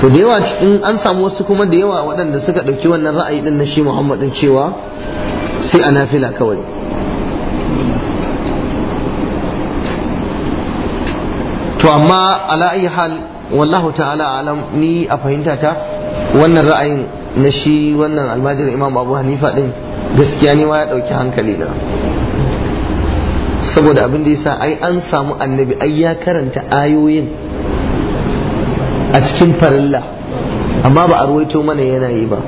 to da yawa in an samu wasu kuma da yawa waɗanda suka ɗauki wannan ra'ayi ɗin na shi Muhammad cewa sai a nafila kawai to amma ala hal wallahu ta'ala alam ni a fahimta ta wannan ra'ayin na shi wannan almajir imam abu hanifa ɗin gaskiya ne wa ya ɗauki hankali na saboda abin da sa, ai an samu annabi ai ya karanta ayoyin a cikin farilla amma ba a ruwaito mana yana yi ba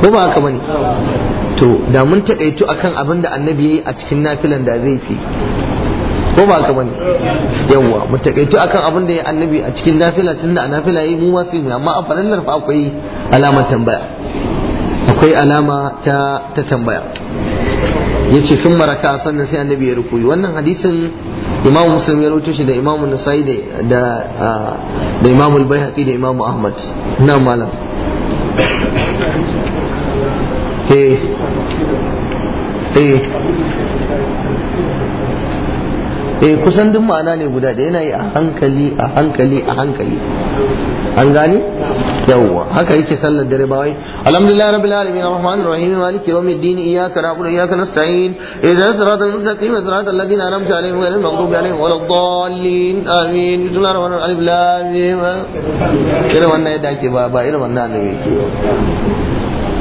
ko ba haka bane to da mun taƙaito akan abin da annabi yi a cikin nafilan da zai fi ko ba haka bane Yawwa mu taƙaito akan abin da ya annabi a cikin nafila tunda a nafila yi mu ma sai mu amma a farillar fa akwai alamar tambaya akwai alama ta ta tambaya yace sun maraka sannan sai annabi ya rukuyi wannan hadisin imam muslim ya rawaito shi da imam nasai da da imam al-baihaqi da imam ahmad na malam eh eh eh kusan duk ma'ana ne guda da yana yi a hankali a hankali a hankali an gani yawwa haka yake sallar dare ba wai alhamdulillah rabbil alamin arrahmanir rahim malik yawmiddin iyyaka na'budu wa iyyaka nasta'in ihdinas siratal mustaqim siratal ladzina an'amta alaihim ghayril maghdubi alaihim waladdallin amin dunar rahmanir alif lam mim irin wannan yadda ake ba ba irin wannan annabi yake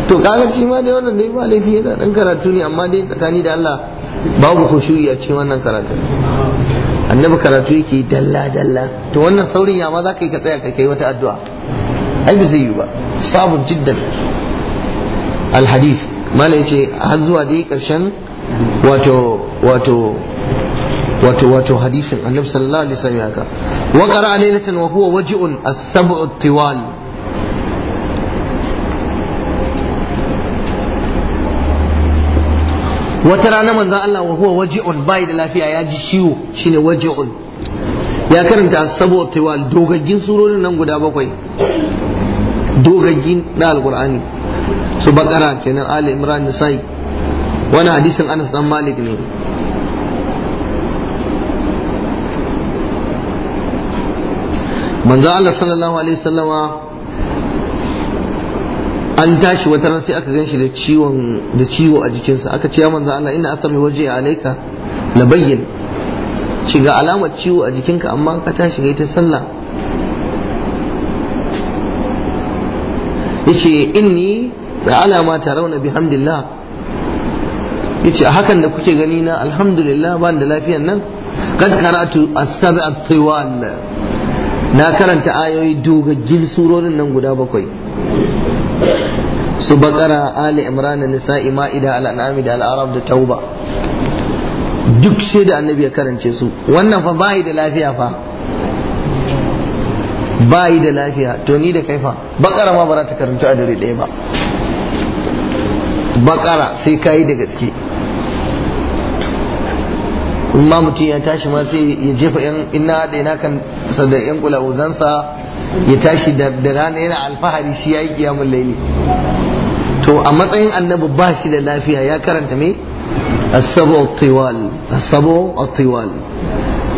to kaga shi ma dai wannan dai ba laifi yana dan karatu ne amma dai tsakani da Allah babu khushu'i a cikin wannan karatu annabi karatu yake dalla dalla to wannan saurin ya ma za ka yi ka tsaya ka kai wata addu'a ai ba zai yi ba sabon jiddan alhadith mala yace har zuwa dai karshen wato wato wato wato hadisin annabi sallallahu alaihi wasallam haka wa qara'a laylatan wa huwa waji'un as-sab'u tiwal wata rana manzon Allah wa huwa waji'un bai da lafiya ya ji ciwo shine waji'un ya karanta saboda tiwal dogaggin surorin nan guda bakwai dogaggin na alqur'ani su bakara kenan ali imran nisai wani hadisin Anas dan Malik ne manzo Allah sallallahu alaihi wasallama an tashi wata ran sai aka ganshi da ciwon da ciwo a jikinsa aka ce ya manzo Allah ina asami waje alaika la bayyin shiga alama alamar ciwo a jikinka amma ka tashi ga ita sallah yace inni da alama ta rauna bihamdillah yace a hakan da kuke gani na alhamdulillah ban da lafiyan nan kan karatu as-sab'a tiwal na karanta ayoyi dogaggin surorin nan guda bakwai su bakara ali imran nisa'i ma'ida al'anami da al'arab da tauba duk sai da annabi ya karance su wannan fa bayi da lafiya fa bayi da lafiya to ni da kai fa bakara ma ba ta karanta a dare ɗaya ba bakara sai kayi da gaske in ma mutum ya tashi ma sai ya jefa yan ina da ina kan sada yan kula uzansa ya tashi da rana yana alfahari shi ya yi kiyamun laili to a matsayin annabi ba shi da lafiya ya karanta me asabu a tiwal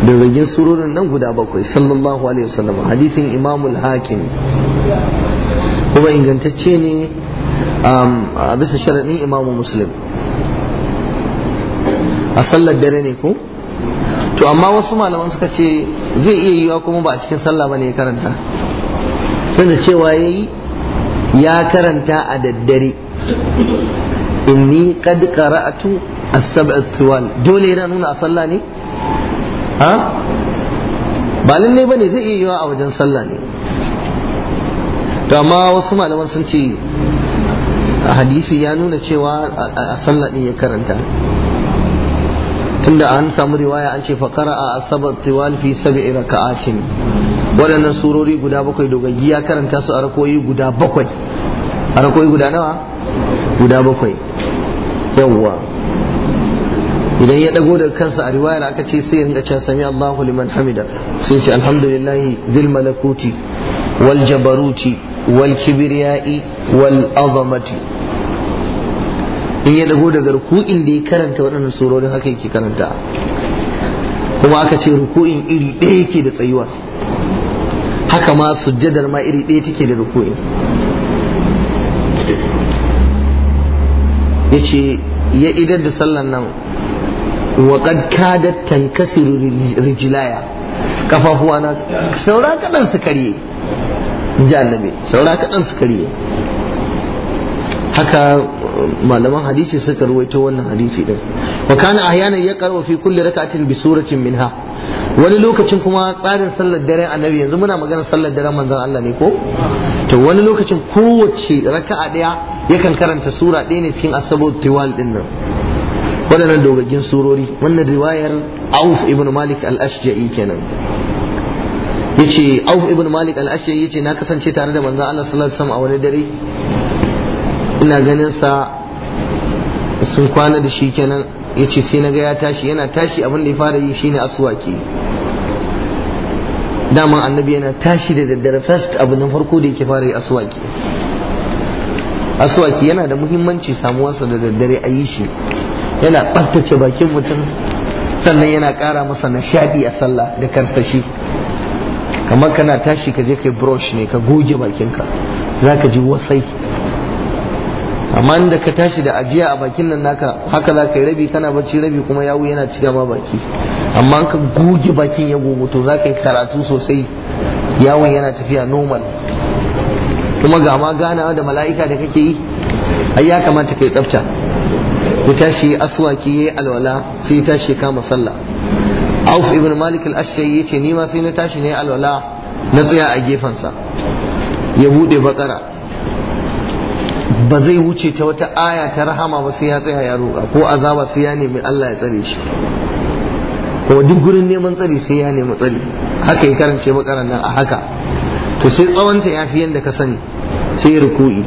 da rigin sururin nan guda bakwai sallallahu alaihi wasallam hadisin imamul hakim kuma ingantacce ne um, a bisa sharaɗin imamu muslim a sallar dare ne ko to amma wasu malaman suka ce zai iya yiwa kuma ba a cikin sallah ba ne ya karanta cewa ya yi ya karanta a daddare inni qad qara'tu as sabat tuwal dole yana nuna a sallah ne ha ba lalle bane zai iya yiwa a wajen sallah ne to amma wasu malaman sun ce hadisi ya nuna cewa a sallah din ya karanta tunda an samu riwaya an ce fa qara'a a sabat tiwal fi sab'i raka'atin waɗannan surori guda bakwai dogaggi ya karanta su a rakoyi guda bakwai a rakoyi guda nawa guda bakwai yawwa idan ya ɗago da kansa a riwayar aka ce sai ringa cewa sami Allahu liman hamida sun ce alhamdulillahi zil malakuti wal jabaruti wal kibriyai wal azamati in ya ɗago daga ruku'in da ya karanta waɗannan surorin haka yake karanta kuma aka ce ruku'in iri ɗaya yake da tsayuwa haka ma sujjadar ma iri ɗaya take da ruku'i ce ya idar da sallan nan wa qad kadat tankasiru kafafuwa na saura kaɗan su karye ji annabi saura kaɗan su karye haka uh, malaman hadisi suka ruwaito wannan hadisi din wa kana ahyana yaqra fi kulli rak'atin bi suratin minha wani lokacin kuma tsarin sallar daren annabi yanzu muna maganar sallar dare manzon Allah ne ko to wani lokacin kowace raka'a daya yakan karanta sura ɗaya ne cikin Asabar tiwal din nan waɗannan dogaggin surori wannan riwayar Auf ibn Malik al-Ashja'i kenan yace Auf ibn Malik al-Ashja'i yace na kasance tare da manzon Allah sallallahu alaihi wasallam a wani dare ina ganin sa sun kwana da shi kenan ya ce sai naga ya tashi yana tashi abin da ya fara yi shine asuwaki daman annabi yana tashi da daddare first abu na farko da yake fara yi asuwaki asuwaki yana da muhimmanci samuwarsa da daddare a yi shi yana tsaftace bakin mutum sannan yana ƙara masa nishadi a sallah da karsashi kamar kana tashi ka je kai brush ne ka goge bakinka za ka ji wasai amma inda ka tashi da ajiya a bakin nan naka haka za ka yi rabi kana bacci rabi kuma yawo yana cika ma baki amma ka goge bakin ya gogo to za ka yi karatu sosai yawon yana tafiya normal kuma ga ma gana da mala'ika da kake yi ai ya kamata ka yi tsafta ya tashi aswaki yi alwala sai ya tashi kama sallah Auf ibn Malik al-Ashja'i yace ni ma sai na tashi ne alwala na tsaya a gefansa ya bude bakara ba zai wuce ta wata aya ta rahama ba sai ya tsaya ya roƙa ko azaba sai ya nemi Allah ya tsare shi ko duk gurin neman tsari sai ya nemi tsari haka ya karance bakaran nan a haka to sai tsawonta ya fi yadda ka sani sai ruku'i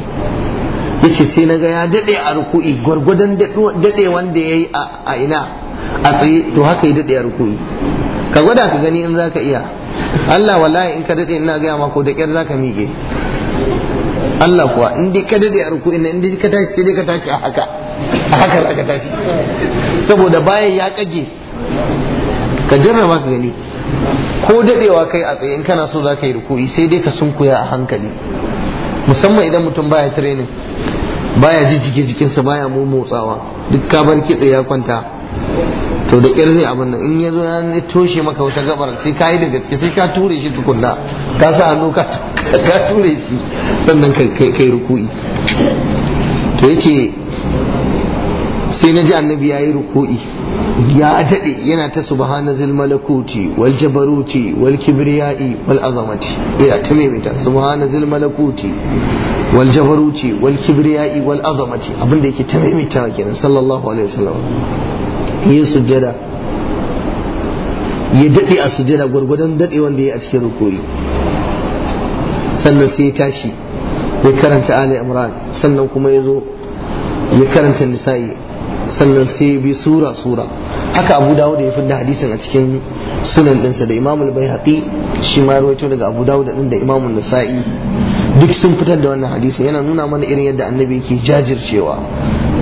yace sai na ga ya daɗe a ruku'i gwargwadon daɗe wanda ya yi a ina a tsaye to haka ya daɗe a ruku'i ka gwada ka gani in zaka iya Allah wallahi in ka daɗe ina gaya ma ko da kyar zaka miƙe Allah kuwa in dai ka dade a ruku inda in dai ka tashi sai dai ka tashi a haka a haka za ka tashi saboda bayan ya kage ka jarraba ka gani ko dadewa kai a tsaye in kana so za ka yi ruku'i sai dai ka sunkuya a hankali musamman idan mutum baya training baya jijjige jikinsa baya mu motsawa duk ka bar kitse ya kwanta to da ƙirzi abin nan in ya zo ya toshe maka wata gabar sai ka yi da gaske sai ka ture shi tukunna ka sa hannu ka ture shi sannan kai ruku'i to yace sai na ji annabi ya yi ruku'i ya daɗe yana ta subhana zil malakuti wal jabaruti wal kibriyai wal azamati ya ta maimaita subhana zil malakuti wal jabaruti wal kibriyai wal azamati abinda yake ta maimaita kenan sallallahu alaihi wasallam yi sujjada ya daɗe a sujjada gwargwadon daɗe wanda ya yi a cikin rukuri sannan sai ya tashi ya karanta Ali Imran sannan kuma ya zo ya karanta nisa'i sannan sai ya bi sura sura haka Abu Dawud ya fidda hadisin a cikin sunan ɗinsa da Imam al-Baihaqi shi ma rawaito daga Abu Dawud din da Imam nisa'i duk sun fitar da wannan hadisin yana nuna mana irin yadda annabi yake jajircewa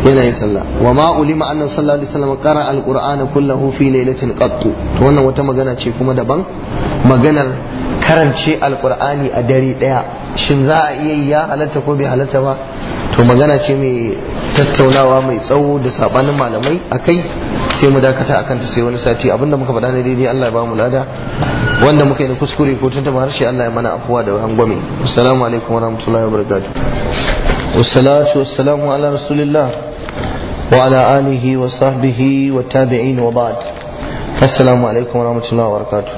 yana yin sallah wa ma ulima annan sallallahu alaihi wasallam qara alqur'ana kullahu fi lailatin qattu to wannan wata magana ce kuma daban maganar karance alqur'ani a dare daya shin za a iya ya halatta ko bai halatta ba to magana ce mai tattaunawa mai tsawo da sabanin malamai akai sai mu dakata akan ta sai wani sati abinda muka faɗa ne daidai Allah ya ba mu lada wanda muka yi na kuskure ko tuntuɓa harshe Allah ya mana afuwa da rangwame assalamu alaikum warahmatullahi wabarakatuh والصلاه والسلام على رسول الله وعلى آله وصحبه والتابعين وبعد السلام عليكم ورحمة الله وبركاته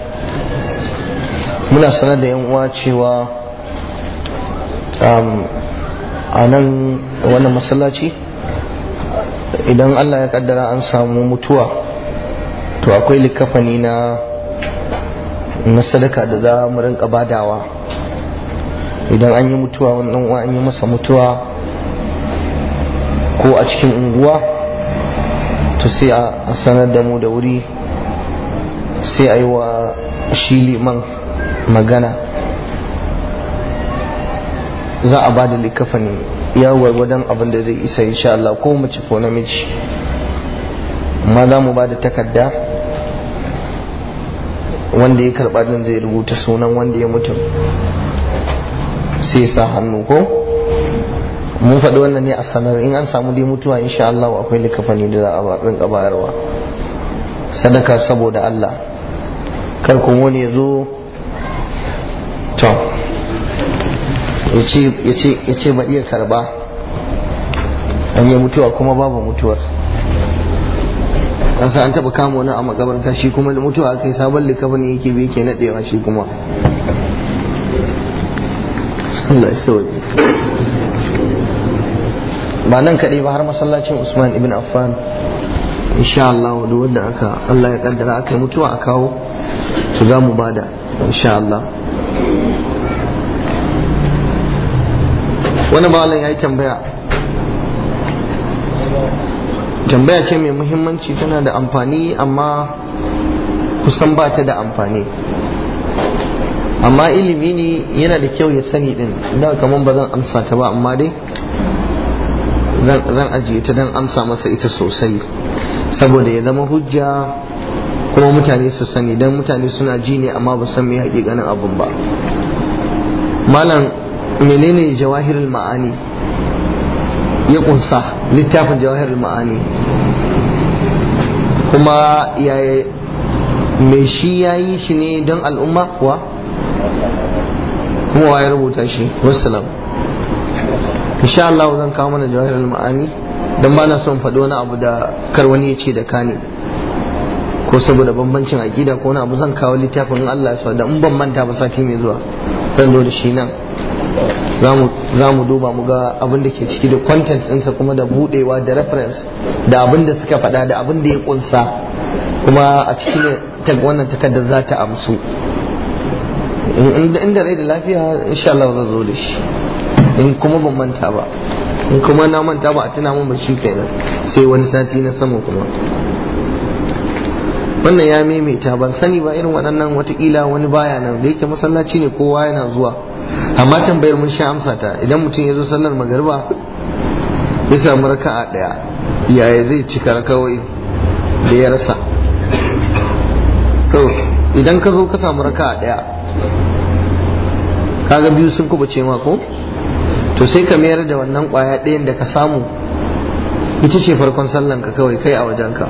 muna sanar da 'yan uwa cewa um, a nan wannan masallaci idan Allah ya kaddara an samu mutuwa to akwai likafani na na sadaka da za mu rinka badawa idan an yi mutuwa wannan uwa an yi masa mutuwa ko a cikin unguwa to sai a sanar da mu da wuri sai a yi wa shi liman magana za a ba da likafani ya gwargwadon abin da zai isa insha Allah ko mace ko namiji ma za mu ba da takarda wanda ya karɓa din zai rubuta sunan wanda ya mutu sai sa hannu ko mun faɗi wannan ne a sanar in an samu dai mutuwa insha Allah akwai likafani da za a rinka bayarwa sadaka saboda Allah kar kun wani ya zo to ya ce ba iya karba an yi mutuwa kuma babu mutuwar kasa an taɓa kama wani a makabarta shi kuma da mutuwa kai sabon likafani yake bi ke nadewa shi kuma Allah ya ba nan kaɗai ba har masallacin usman ibn affan insha Allah wadda wanda aka Allah ya kaddara aka yi mutuwa a kawo su za mu bada insha Allah wani malam ya yi tambaya tambaya ce mai muhimmanci tana da amfani amma kusan ba ta da amfani amma ilimi ne yana da kyau ya sani din da kamar ba zan amsa ta ba amma dai zan ajiye ta don amsa masa ita sosai saboda ya zama hujja kuma mutane su sani don mutane suna ji ne amma ba san haƙi ganin abun ba malam menene jawahir ma'ani ya kunsa littafin jawahir ma'ani kuma yaya mai shi ya yi shi ne don al'umma kuwa kuma wa ya rubuta shi wassalam insha Allah zan kawo mana jawahirul ma'ani dan ba na son fado wani abu da kar wani ya ce da kani ko saboda bambancin aƙida ko wani abu zan kawo littafin Allah ya da in ban manta ba sati mai zuwa zan zo shi nan za mu duba mu ga abin da ke ciki da content ɗinsa kuma da budewa da reference da abin da suka faɗa da abin da ya kunsa kuma a cikin wannan takardar za ta amsu inda rai da lafiya insha Allah zan zo da shi in kuma ban manta ba in kuma na manta ba a tuna mun ba shi kenan sai wani sati na sama kuma wannan ya maimaita ban sani ba irin waɗannan watakila wani baya nan da yake masallaci ne kowa yana zuwa amma tambayar mun sha amsa ta idan mutum ya zo sallar magariba ya samu raka a ɗaya yaya zai cika kawai da ya rasa to idan ka zo ka samu raka a ɗaya kaga biyu sun kuɓace ma ko to sai ka mayar da wannan kwaya ɗayan da ka samu ita ce farkon sallan ka kawai kai a wajenka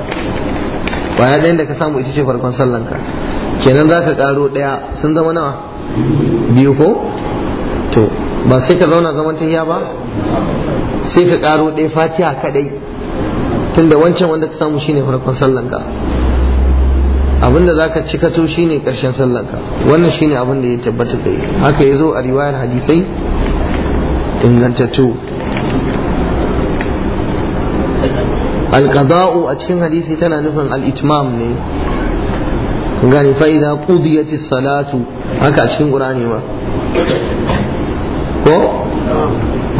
kwaya ɗayan da ka samu ita ce farkon sallan ka kenan za ka ƙaro ɗaya sun zama nawa biyu ko to ba sai ka zauna zaman tahiya ba sai ka ƙaro ɗaya fatiha kaɗai tunda wancan wanda ka samu shine farkon sallan ka abinda za ka cikato shine ƙarshen sallan ka wannan shine abin da ya tabbata kai haka ya zo a riwayar hadisai ingantattu alqada'u a cikin hadisi tana nufin al-itmam ne Gani gane fa idza qudiyatis salatu haka a cikin qur'ani ma ko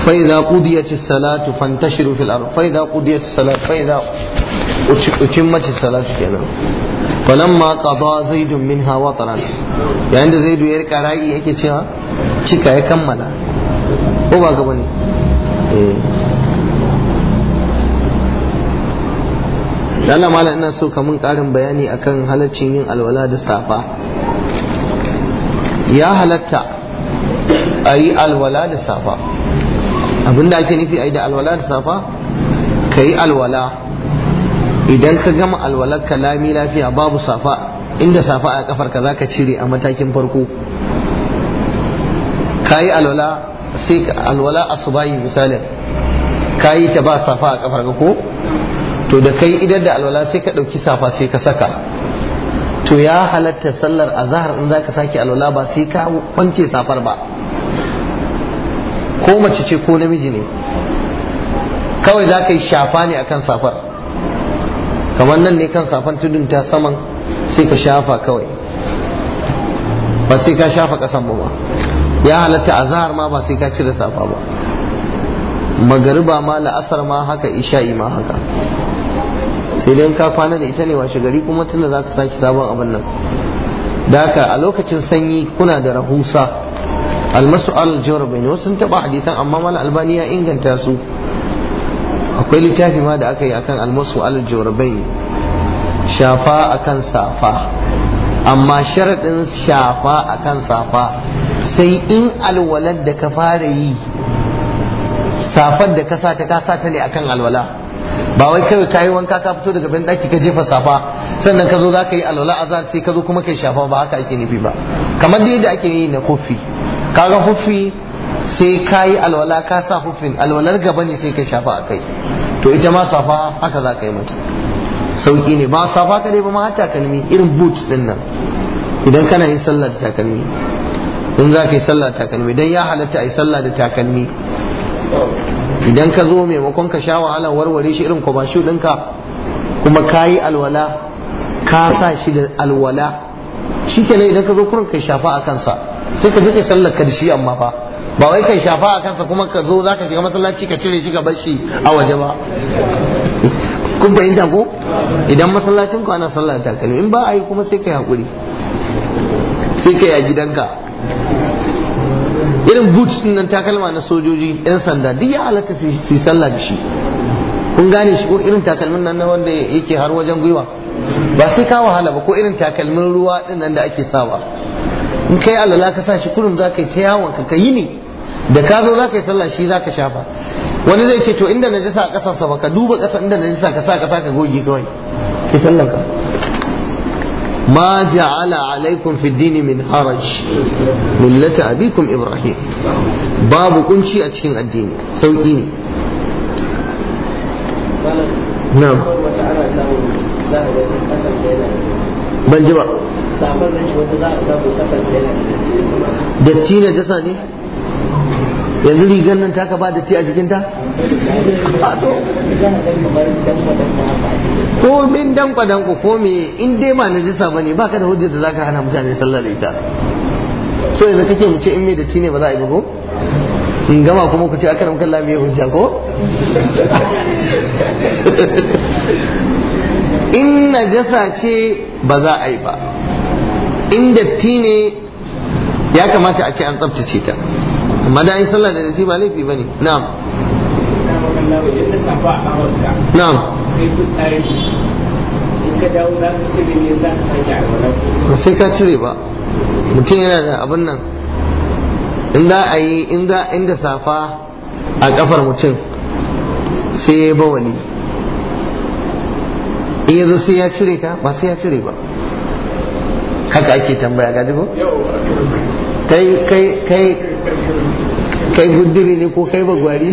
fa idza qudiyatis salatu fantashiru fil ard fa idza qudiyatis salatu fa idza utimmatis salatu kenan falamma qada zaidun minha wataran yayin da zaidu ya rika ra'i yake cewa cika ya kammala ko ba gaba ne eh. Allah mala ina so ka mun karin bayani akan halaccin yin alwala da safa ya halatta a yi alwala da safa abinda ake nufi a yi da alwala da safa ka yi alwala idan ka gama alwalar ka lami lafiya babu safa inda safa a kafar ka cire a matakin farko ka yi alwala sai alwala asubahi misalin ka yi ta ba safa a kafar ko to da kai idan da alwala sai ka ɗauki safa sai ka saka to ya halatta sallar azahar in za ka sake alwala ba sai ka kwance safar ba ko mace ce ko namiji ne kawai za ka yi shafa ne akan safar kamar nan ne kan safan tudun ta saman sai ka shafa kawai ba sai ka shafa kasan ba ya halatta zahar ma ba sai ka cire safa ba magariba ma la'asar ma haka isha'i ma haka sai dai ka kwana da ita ne washe gari kuma tunda za ka sake sabon abin nan da haka a lokacin sanyi kuna da rahusa almasu al wasu sun taba hadisan amma mal albani ya inganta su akwai littafi ma da aka yi akan almasu al-jawrabain shafa akan safa amma sharaɗin shafa akan safa sai in alwalar da ka fara yi safar da ka sa ta kasa ta ne akan alwala ba wai kai ka yi wanka ka fito daga ban ka jefa safa sannan ka zo za ka yi alwala a azhar sai ka zo kuma kai shafa ba haka ake nufi ba kamar da yadda ake yi na kofi kaga kofi sai ka yi alwala ka sa hufin alwalar gaba ne sai ka shafa a kai to ita ma safa haka za ka yi mata sauki ne ba safa ka dai ba ma takalmi irin boot din nan idan kana yin sallar takalmi in za ka yi sallah takalmi Idan ya halatta a yi sallah da takalmi idan ka zo maimakon ka sha wahala warware shi irin kwabashu ɗinka kuma ka yi alwala ka sa shi da alwala shi kenan idan ka zo kurin ka shafa a kansa sai ka je ka sallar ka da shi amma fa ba wai kai shafa a kansa kuma ka zo za ka shiga masallaci ka cire shi ka bar shi a waje ba kun fahimta ko idan masallacin ku ana da takalmi in ba a yi kuma sai ka yi hakuri sai ka yi a gidanka irin boots din nan takalma na sojoji yan sanda duk ya halatta su yi sallah da shi kun gane shi ko irin takalmin nan na wanda yake har wajen gwiwa ba sai ka wahala ba ko irin takalmin ruwa din nan da ake sawa in kai la ka sa shi kurum za ta yawon ka yi ne da ka zo za yi sallah shi za shafa wani zai ce to inda najasa a kasarsa ba ka duba kasa inda najasa ka sa ka sa ka goge kawai ki sallan ka ما جعل عليكم في الدين من حرج ملة أبيكم إبراهيم باب كنشي أتشين الدين سوئيني نعم بل جبا datti na jasa ne yanzu rigar nan taka ba datti a jikinta a to ko min danko danko ko me in dai ma najisa bane baka da hujja da zaka hana mutane sallar ita so yanzu kake mu ce in me da ne ba za a yi ba ko in gama kuma ku ce akaram kallah me hujja ko [laughs] in najasa ce ba za a yi ba in datti ne ya kamata a ce an tsabtace ta amma da an sallar da datti ba laifi bane na'am na'am kai cire ba sai ka cire ba mutum yana da abin nan in za a yi inda safa a kafar mutum sai ya bawali in zo sai ya cire ka ba sai ya cire ba haka ake tambaya ga dubu kai kai kai kai gudiri ne ko kai bagwari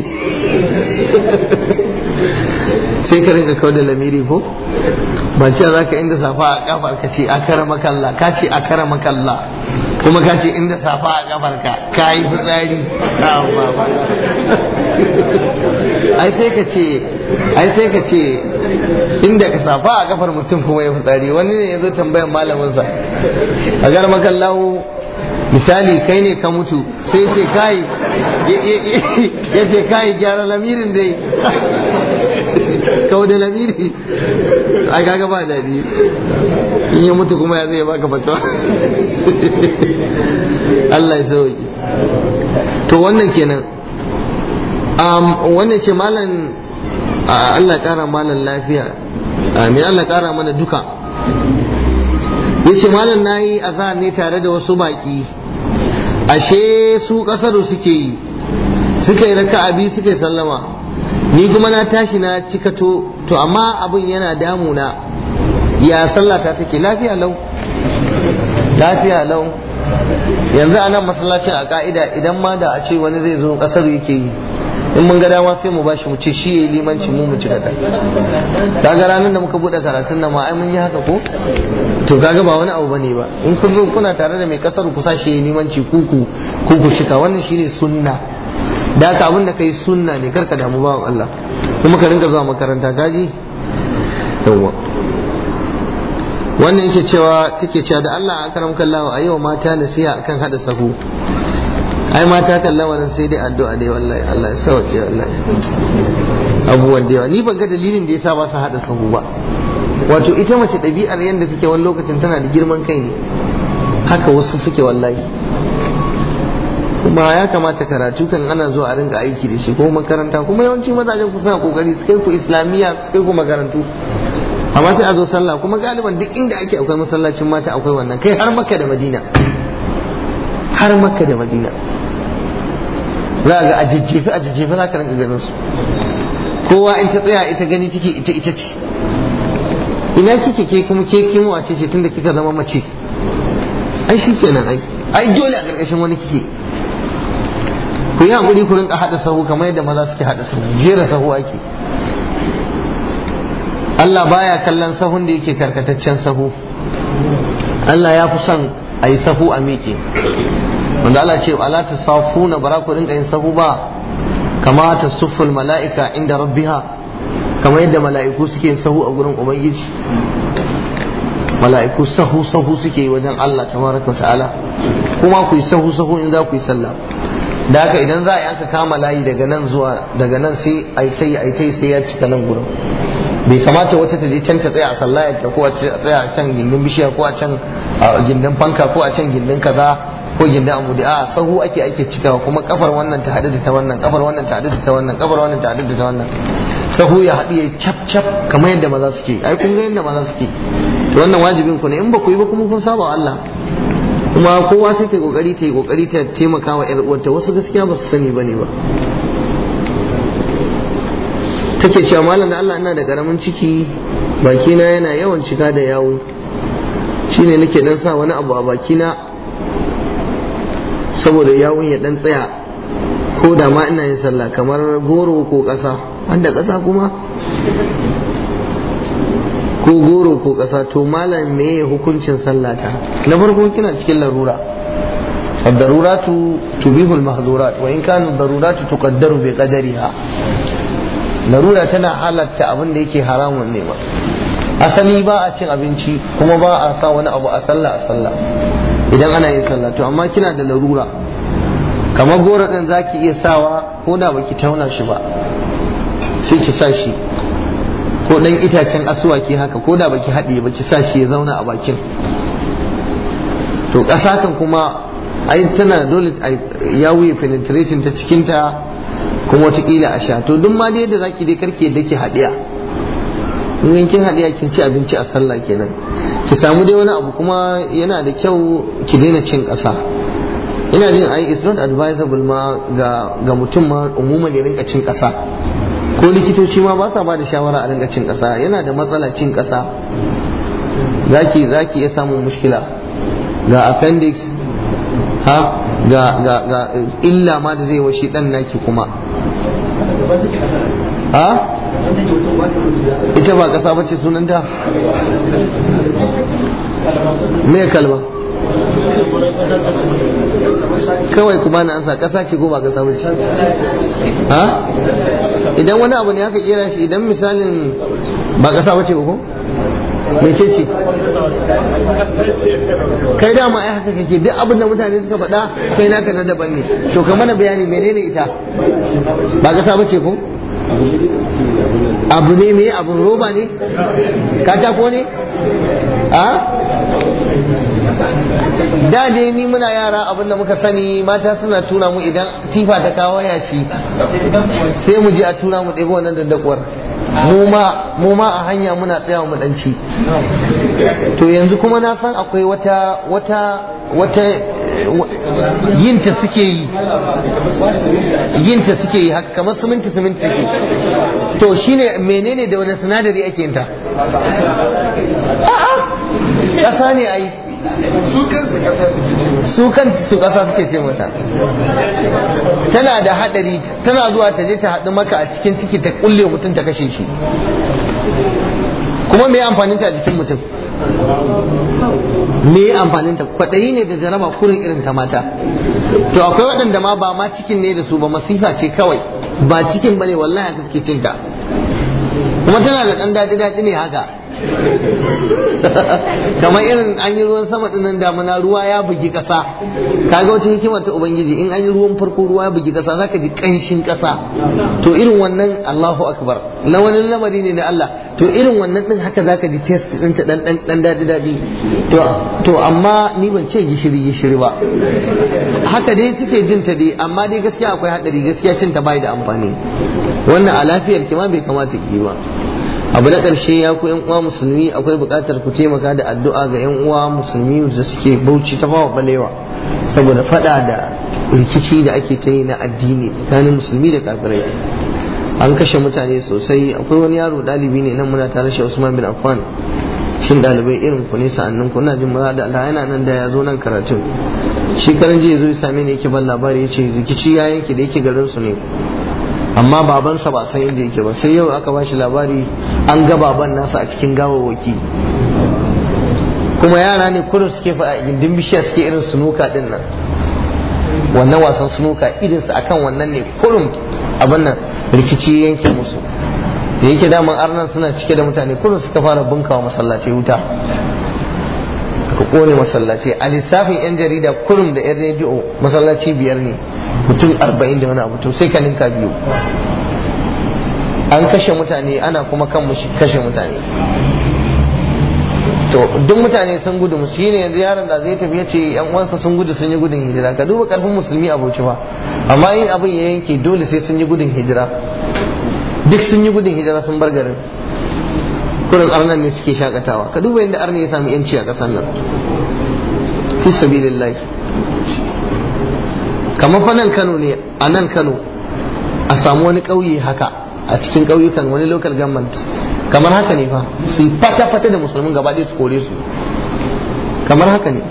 [laughs] sai ka rinka kawo da lamiri ko ba ce za ka inda safa a kafar ka ce a kara makalla ka ce a kara makalla kuma ka ce inda safa a kafar ka ka yi fitsari ai sai ka ce ai sai ka ce inda ka safa a kafar mutum kuma ya fitsari wani ne ya zo tambayan malaminsa a kara makallahu misali kai ne ka mutu sai ce kai ya ce kai gyara lamirin dai kawai da lamiri ai kaga ba biyu. in yi mutu kuma ya zai baka fatawa Allah ya sauki to wannan kenan wannan ce malam Allah kara malam lafiya amin Allah kara mana duka yace malam nayi azan ne tare da wasu baki ashe su kasaru suke yi suka yi raka'a biyu suka yi sallama ni kuma na tashi na cika to amma abin yana damuna ya sallata take lafiya lau lafiya lau yanzu a masallacin a ka'ida idan ma da a ce wani zai zo kasar yake yi in mun ga dama sai mu bashi mu ce shi yayi limanci mu mu ci gaba kaga ranar da muka buɗe karatun nan ma ai mun yi haka ko to kaga ba wani abu bane ba in kun zo kuna tare da mai kasar ku sa shi yayi limanci ku ku ku cika wannan shine sunna da haka abin da kai sunna ne karka damu bawan Allah kuma ka rinka zuwa makaranta gaji yawwa wannan yake cewa take cewa da Allah a karam kallawa a yau mata nasiha akan hada sahu ai mata kallawa nan sai dai addu'a dai wallahi Allah ya sauke wallahi abubuwan da yawa ni ban ga dalilin da yasa ba su hada sahu ba wato ita mace ɗabi'ar yadda suke wani lokacin tana da girman kai ne haka wasu suke wallahi kuma ya kamata karatu kan ana zuwa a rinka aiki da shi ko makaranta kuma yawanci mazajen ku suna kokari su kai ku islamiyya su kai ku makarantu amma sai a zo sallah kuma galiban duk inda ake akwai masallacin mata akwai wannan kai har makka da madina har makka da madina za ga a jijjefi a jijjefi za ka rinka ganin su kowa in ta tsaya ita gani take ita ita ce ina kike ke kuma ke kimo a ce tunda kika zama mace ai kenan ai ai dole a ƙarƙashin wani kike ku yi hakuri ku rinka haɗa sahu kamar yadda maza suke haɗa sahu jera sahu ake Allah baya kallon sahun da yake karkataccen sahu Allah ya fi son a yi sahu a miƙe wanda Allah ce ala ta safuna bara ku rinka yin sahu ba kama ta suful mala'ika inda rabbiha kamar yadda mala'iku suke yin sahu a gurin ubangiji mala'iku sahu sahu suke yi wajen Allah tabaraka ta'ala kuma ku yi sahu sahu in za ku yi sallah da haka idan za a yi aka kama layi daga nan zuwa daga nan sai aitai aitai sai ya cika nan gurin bai kamata wata ta je can ta tsaya a sallaya ta ko a tsaya a can gindin bishiya ko a can gindin fanka ko a can gindin kaza ko gindin amudi a sahu ake ake cikawa kuma kafar wannan ta hadu da ta wannan kafar wannan ta hadu da ta wannan kafar wannan ta haɗu da ta wannan sahu ya hadu ya cap cap kamar yadda maza suke ai kun ga yadda maza suke to wannan wajibin ku ne in ba ku yi ba kuma kun saba Allah kuma kowa sai ta kokari ta yi kokari ta taimaka wa yar uwarta wasu gaskiya ba su sani bane ba take cewa malam da Allah ina da karamin ciki bakina yana yawan cika da yawo shine nake dan sa wani abu a bakina saboda yawon ya dan tsaya ko da ma ina yin sallah kamar goro ko ƙasa da ƙasa kuma ko goro ko ƙasa to malam me ya hukuncin sallata na farko kina cikin larura tu in تبيح المحظورات وإن كان bai تقدر ha? larura tana halatta abin da yake haramun ne ba asali ba a cin abinci kuma ba a sa wani abu a sallah a sallah idan ana yin sallah to amma kina da larura kamar goro din zaki iya sawa ko da baki tauna shi ba sai ki sa shi dan itacen asuwa asuwaki haka ko da baki haɗe baki sa shi ya zauna a bakin to ƙasa kan kuma ai tana dole ya wuye penetrating ta cikinta kuma wataƙila a sha to duk ma dai da zaki dai karki yadda ki haɗiya in kin haɗiya kin ci abinci a sallah kenan ki samu dai wani abu kuma yana da kyau ki daina cin ƙasa ina jin ai it's not advisable ma ga mutum ma umuman ya rinka cin ƙasa ko likitoci ma ba sa ba da shawara a dinga cin kasa yana da matsala cin kasa zaki zaki ya samu mushkila ga appendix ha ga ga ga illa ma da zai shi dan naki kuma ha ita ba ƙasa bace sunanta me kalma kawai kuma na ansa kasa ce ko ba kasa ba ce ha idan wani abu ne aka kira shi idan misalin ba kasa ba ce ko mece ce kai ma ai haka kake duk abin da mutane suka faɗa kai naka na daban ne to ka mana bayani menene ita ba kasa ba ce ko abu ne mai abun roba ne katako ne ha da dai ni muna yara abinda muka sani mata suna tura mu idan tifa ta kawo ci sai mu je a tura mu ɗebo wannan daddakuwar mu ma a hanya muna tsaya mu danci to yanzu kuma na san akwai wata wata wata yinta suke yi yinta suke yi kamar suminti suminti take to shine menene da wani sinadari ake yinta ƙasa ne a yi su kan su kasa suke ce mata tana da hadari tana zuwa ta je ta haɗu maka a cikin ciki ta kulle mutum ta kashe shi kuma me amfanin ta a jikin mutum me amfanin ta kwadayi ne da jaraba kurin irin ta mata to akwai waɗanda ma ba ma cikin ne da su ba masifa ce kawai ba cikin bane wallahi haka suke tinta kuma tana da ɗan daɗi daɗi ne haka [laughs] kamar irin an yi ruwan sama dinnan damuna ruwa ya bugi ƙasa ga wata hikimar ta ubangiji in an yi ruwan farko ruwa ya bugi ƙasa zaka ji ƙanshin ƙasa to irin wannan Allahu akbar na wani lamari ne na Allah to irin wannan din haka zaka ji test din ta dan dan dan dadi dadi to to amma ni ban ce gishiri gishiri ba haka dai suke jin ta dai amma dai gaskiya akwai hadari gaskiya cin ta bai da amfani wannan a lafiyar ki ma bai kamata ki yi ba abu na ƙarshe ya ku yan uwa musulmi akwai buƙatar ku taimaka da addu'a ga yan uwa musulmi da suke bauchi ta bawa balewa saboda faɗa da rikici da ake ta yi na addini tsakanin musulmi da kafirai an kashe mutane sosai akwai wani yaro dalibi ne nan muna tare shi Usman bin Affan shin dalibai irin ku ne sa'annin kuna jin mura da Allah yana nan da ya zo nan karatun shi karan jiya zo ya same ni yake ban labari ya ce, rikici ya yanke da yake garin su ne amma babansa ba san inda yake ba sai yau aka ba shi labari an ga baban nasa a cikin gawawwaki kuma yara ne kurin suke faɗa gindin bishiya suke irin sunuka din nan wannan wasan sunuka irinsu akan wannan ne kurin abin nan rikici yanke musu da yake daman arnan suna cike da mutane kurin suka fara bunkawa masallaci wuta Ka kone masallaci a lissafin yan jarida kurum da yan rediyo masallaci biyar ne mutum arba'in da wani abu to sai ka ninka biyu an kashe mutane ana kuma kan kashe mutane to duk mutane sun gudu mu shine yanzu yaron da zai tafi yace yan uwansa sun gudu sun yi gudun hijira ka duba karfin musulmi abuci ba amma in abin ya yanke dole sai sun yi gudun hijira duk sun yi gudun hijira sun bar garin kurin arnan ne suke shakatawa ka duba yadda arni ya samu yanci a ƙasar nan fi sabilillahi kamar fa nan Kano ne a nan Kano a samu wani ƙauye haka a cikin ƙauyukan wani local government kamar haka ne fa su yi fata-fata da musulmin gaba ɗaya su kore su kamar haka ne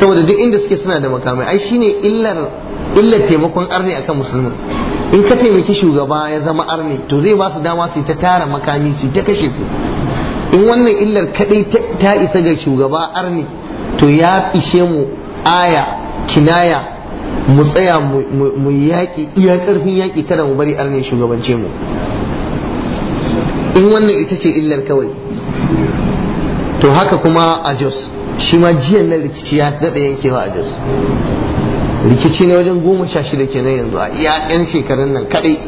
saboda duk inda suke suna da makamai ai shine illar illar taimakon arni akan musulmin in ka taimaki shugaba ya zama arne to zai ba su dama su ta tara makami su ta kashe ku in wannan illar kadai ta isa ga shugaba arne to ya ishe mu aya kinaya mu tsaya mu yaƙi iya ƙarfin yaƙi kada mu bari arne shugabance mu in wannan ita ce illar kawai to haka kuma a jos shi ma jiyan na rikici ya daɗa yankewa a jos rikici ne wajen goma sha shida kenan yanzu a iya 'yan shekarun nan kadai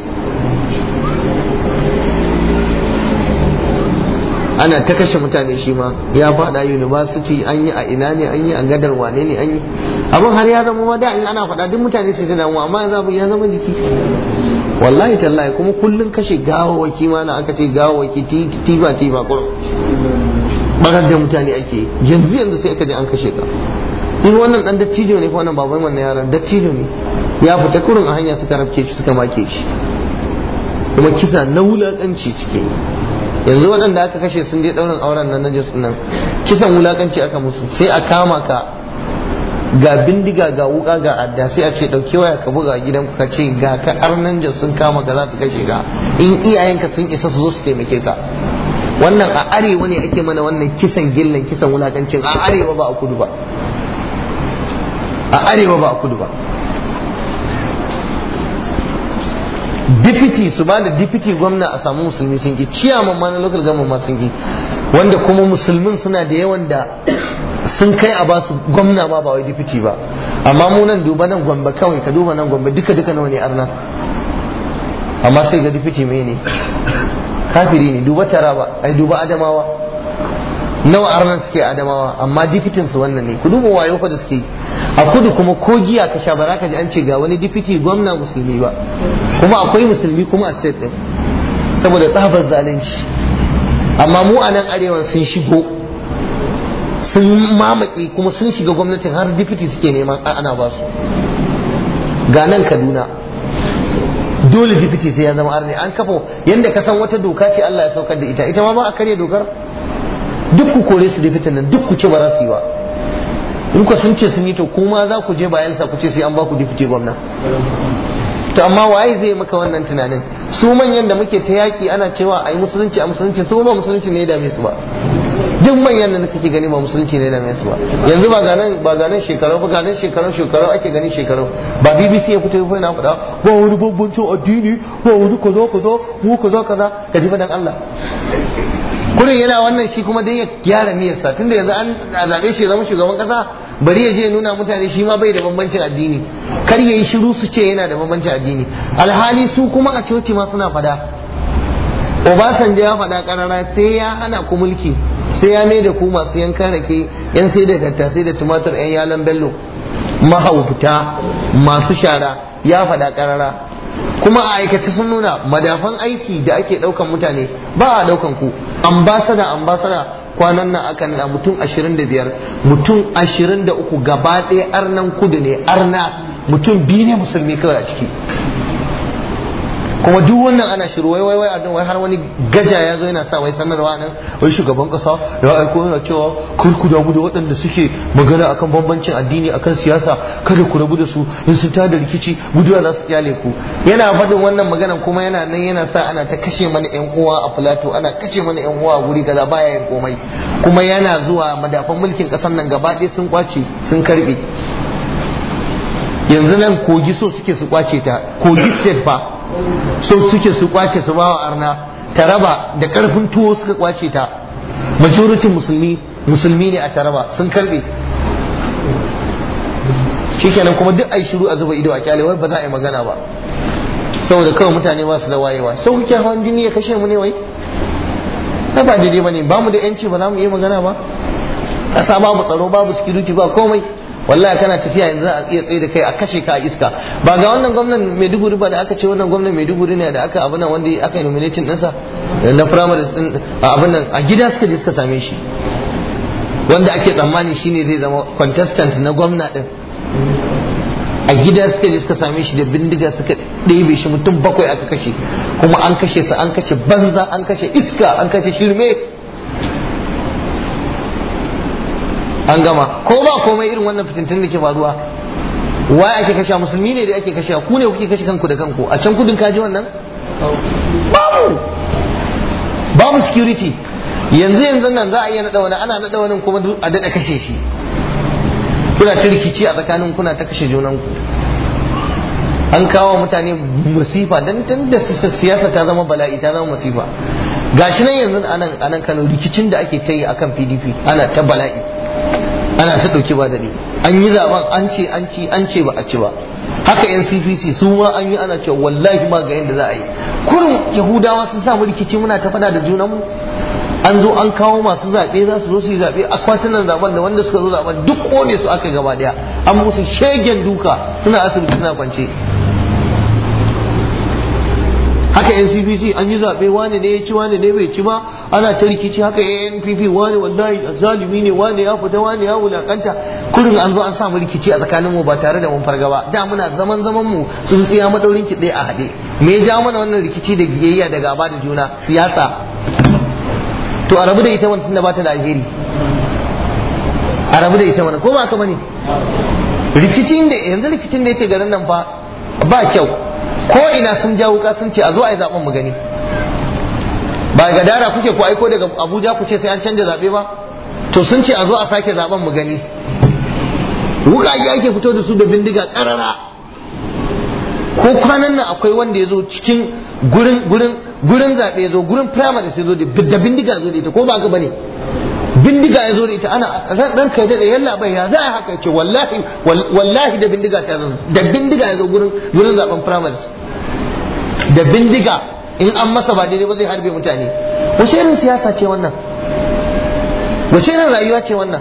ana ta kashe mutane shi ma ya fada university an yi a ina ne an yi a gadar wane ne an yi abin har ya zama ma da in ana faɗa duk mutane su ta damu amma ya zama jiki wallahi tallahi kuma kullun kashe gawawaki ma na aka ce gawawaki tiba tiba kurum barar da mutane ake yanzu yanzu sai aka je an kashe ka in wannan dan dattijo ne ko wannan baban wannan yaran dattijo ne ya fita kurin a hanya suka rabke shi suka make shi kuma kisa na wulakanci suke yanzu waɗanda aka kashe sun je ɗaurin auren nan na jesu nan kisan wulakanci aka musu sai a kama ka ga bindiga ga wuka ga adda sai a ce ɗauke waya ka buga gidan ka ce ga ka arnan jos sun kama ka za su kashe ka in iyayenka sun isa su zo su taimake ka wannan a arewa ne ake mana wannan kisan gillan kisan wulakancin a arewa ba a kudu ba a arewa ba a kudu ba dipiti su ba da dipiti gwamna a samu musulmi sun ki ciyaman ma na local government ma sun ki wanda kuma musulmin suna da yawan da sun kai a basu gwamna ma ba wai dipiti ba amma mu nan duba nan gwamba kawai ka duba nan gwamba duka duka nawa ne arna amma sai ga dipiti mai ne kafiri ne duba taraba ai duba adamawa nawa arnan suke adamawa amma dipitin su wannan ne kudu wayo fa da suke a kudu kuma ko giya ka sha baraka ji an ce ga wani difiti gwamna musulmi ba kuma akwai musulmi kuma a state ɗin saboda tsabar zalunci amma mu a nan arewa sun shigo sun mamaki kuma sun shiga gwamnatin har difiti suke neman ana ba su ga nan kaduna dole difiti sai ya zama arne an kafa yadda ka san wata doka ce Allah ya saukar da ita ita ma ba a karya dokar duk ku kore su da fitinan duk ku ce ba za su yi ba in ku sun ce sun yi to kuma za ku je bayan sa ku ce sai an ba ku dipite gwamna to amma waye zai maka wannan tunanin su manyan da muke ta yaki ana cewa ai musulunci a musulunci su ba musulunci ne da su ba duk manyan da kake gani ba musulunci ne da su ba yanzu ba ganin ba ganin shekaru ba ganin shekaru shekaru ake gani shekaru ba BBC ya fito yana faɗa ba wani bambancin addini ba wani kaza kaza mu kaza kaza kaji ji fadan Allah burin yana wannan shi kuma dai ya gyara miyarsa tunda yanzu an zaɓe shi zama shugaban ƙasa bari ya je nuna mutane shi ma bai da bambancin addini kar ya yi shiru su ce yana da bambancin addini alhali su kuma a coci ma suna fada obasanjo ya faɗa ƙarara sai ya hana ku mulki sai ya mai da ku masu yankan rake yan sai da tattasai da tumatur yan yalan bello mahauta masu shara ya faɗa ƙarara kuma a aikace sun nuna madafan aiki da ake daukan mutane ba a daukan ku ambasada ambasada kwanan nan aka nuna mutum 25 mutum 23 gaba ɗaya arnan kudu ne arna mutum biyu ne musulmi kawai a ciki kuma duk wannan ana shiru wai wai wai a wai har wani gaja ya zo yana sa wai sanarwa nan wai shugaban kasa ya aiko yana cewa kar ku da da waɗanda suke magana akan bambancin addini akan siyasa kada ku rabu da su in sun tada rikici guduwa za su kyale ku yana faɗin wannan maganan kuma yana nan yana sa ana ta kashe mana yan uwa a plato ana kashe mana yan uwa a guri gaza baya yin komai kuma yana zuwa madafan mulkin ƙasar nan gaba ɗaya sun kwace sun karbe yanzu nan kogi so suke su kwace ta kogi state fa so suke su kwace su bawa arna taraba da karfin tuwo suka kwace ta majority musulmi musulmi ne a taraba sun karbe shikenan kuma duk ai shiru a zuba ido a kyale ba za a yi magana ba saboda kawai mutane ba su da wayewa sau kuke hawan jini ya kashe mu ne wai na ba daidai ba ne ba mu da yanci ba za mu iya magana ba A ƙasa babu tsaro babu sikiruki ba komai wallahi kana tafiya yanzu a iya tsaye da kai a kashe ka a iska ba ga wannan gwamnan Maiduguri ba da aka ce wannan gwamnan Maiduguri ne da aka abin wanda aka yi nominatin ɗansa na firamare. sun abin a gida suka je suka same shi wanda ake tsammani shi ne zai zama contestant na gwamna ɗin a gida suka je suka same shi da bindiga suka ɗebe shi mutum bakwai aka kashe kuma an kashe sa an kashe banza an kashe iska an kashe shirme an gama ko ba komai irin wannan fitintun da ke faruwa wa ake kashe musulmi ne da ake kashe ku ne kuke kashe kanku da kanku a can kudin kaji wannan babu babu security yanzu yanzu nan za a iya nada wani ana nada wani kuma a dada kashe shi kuna ta rikici a tsakanin kuna ta kashe junanku an kawo mutane musifa dan tun da siyasa ta zama bala'i ta zama musifa gashi nan yanzu anan anan Kano rikicin da ake ta yi akan PDP ana ta bala'i ana ta ɗauki ba daɗi an yi zaben an ce an ci an ce ba a ci ba haka yan cpc su ma an yi ana cewa wallahi ma ga yadda za a yi kurin yahudawa sun samu rikici muna ta fada da junanmu an zo an kawo masu zaɓe za su zo su yi zaɓe akwatunan zaben da wanda suka zo zaben duk kone su aka gaba ɗaya an musu shegen duka suna asibiti suna kwance haka ncpc an yi zaɓe wane ne ya ci wane ne bai ci ba ana ta rikici haka npp wani wallahi zalimi ne Wane ya fita wane ya wulakanta kurin an zo an samu rikici a tsakanin mu ba tare da mun fargaba da muna zaman zaman mu sun tsaya madaurin ki ɗaya a haɗe me ya ja mana wannan rikici da giyayya da gaba da juna siyasa to a rabu da ita wani tunda ba ta da alheri a rabu da ita wani ko ba ka bane rikicin da yanzu rikicin da yake garin nan fa ba kyau ko ina sun ja wuka sun ce a zo a yi zaben mu gani ba ga dara kuke ku aiko daga abuja ku ce sai an canja zaɓe ba to sun ce a zo a sake zaben mu gani yi ake fito da su da bindiga ƙarara ko kwanan nan akwai wanda ya zo cikin gurin gurin gurin zaɓe ya zo gurin primary sai zo da bindiga zo da ita ko ba ga bane bindiga ya zo da ita ana ran kai da yalla bai ya za a haka ce wallahi wallahi da bindiga ta zo da bindiga ya zo gurin gurin zaben primary da bindiga in an masa ba daidai ba zai harbe mutane wace irin siyasa ce wannan wace irin rayuwa ce wannan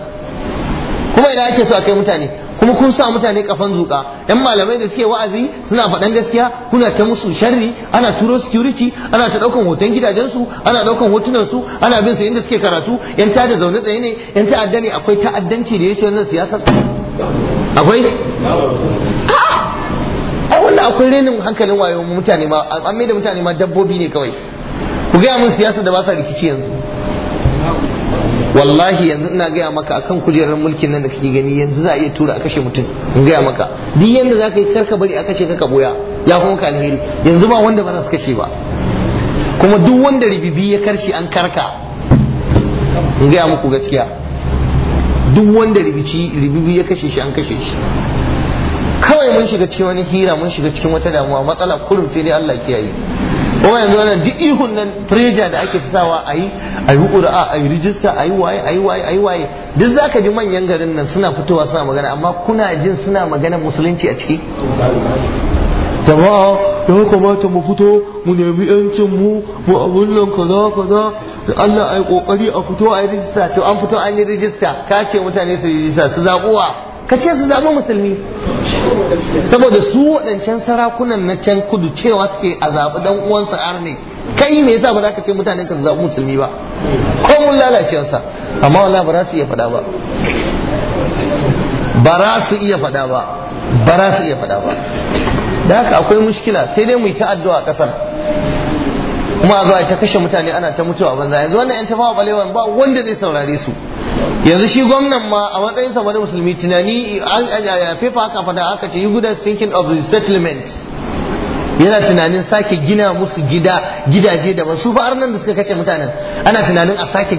kuma idan ake so a kai mutane kuma kun sa mutane kafan zuka yan malamai da suke wa'azi suna faɗan gaskiya kuna ta musu sharri ana turo security ana ta ɗaukan hoton gidajensu ana ɗaukan hotunan su ana bin su inda suke karatu yan ta da zaune tsaye ne yan ta'adda ne akwai ta'addanci da yake wannan siyasar akwai ai wannan akwai renin hankalin wayo mutane ma an mai da mutane ma dabbobi ne kawai ku gaya mun siyasa da ba sa rikici yanzu wallahi yanzu ina gaya maka akan kujerar mulkin nan da kake gani yanzu za a iya tura a kashe mutum in gaya maka duk yanda za ka yi karka bari a kashe kaka boya ya kuma ka alheri yanzu ba wanda ba za su kashe ba kuma duk wanda ribibi ya karshe an karka in gaya muku gaskiya duk wanda ribici ribibi ya kashe shi an kashe shi kawai mun shiga cikin wani hira mun shiga cikin wata damuwa matsala kurum sai dai Allah kiyaye kuma yanzu wannan duk ihun nan preja da ake sawa a yi a yi ƙura'a a yi rijista a yi waye a yi waye a waye duk zaka ji manyan garin nan suna fitowa suna magana amma kuna jin suna magana musulunci a ciki jama'a ya kamata mu fito mu nemi yancin mu mu abun nan kaza kaza da Allah ai kokari a fito a yi rijista to an fito an yi rijista ka ce mutane su yi rijista su zabuwa ka ce su zaɓi musulmi saboda su waɗancan sarakunan na can kudu cewa suke a zaɓi dan uwansa arne kai me yasa ba za ka ce mutanen ka su zaɓi musulmi ba ko mun lalacewarsa amma wala ba za su iya faɗa ba ba za su iya faɗa ba ba za su iya faɗa ba da haka akwai mushkila sai dai mu yi ta addu'a a ƙasar kuma a zo a ta kashe mutane ana ta mutuwa banza yanzu wannan yan tafawa balewan ba wanda zai saurare su yanzu shi gwamnan ma a matsayin sa wani musulmi tunani an fefa haka fada aka ce you good thinking of resettlement yana tunanin sake gina musu gida gidaje daban su fa nan da suka kace mutanen ana tunanin a sake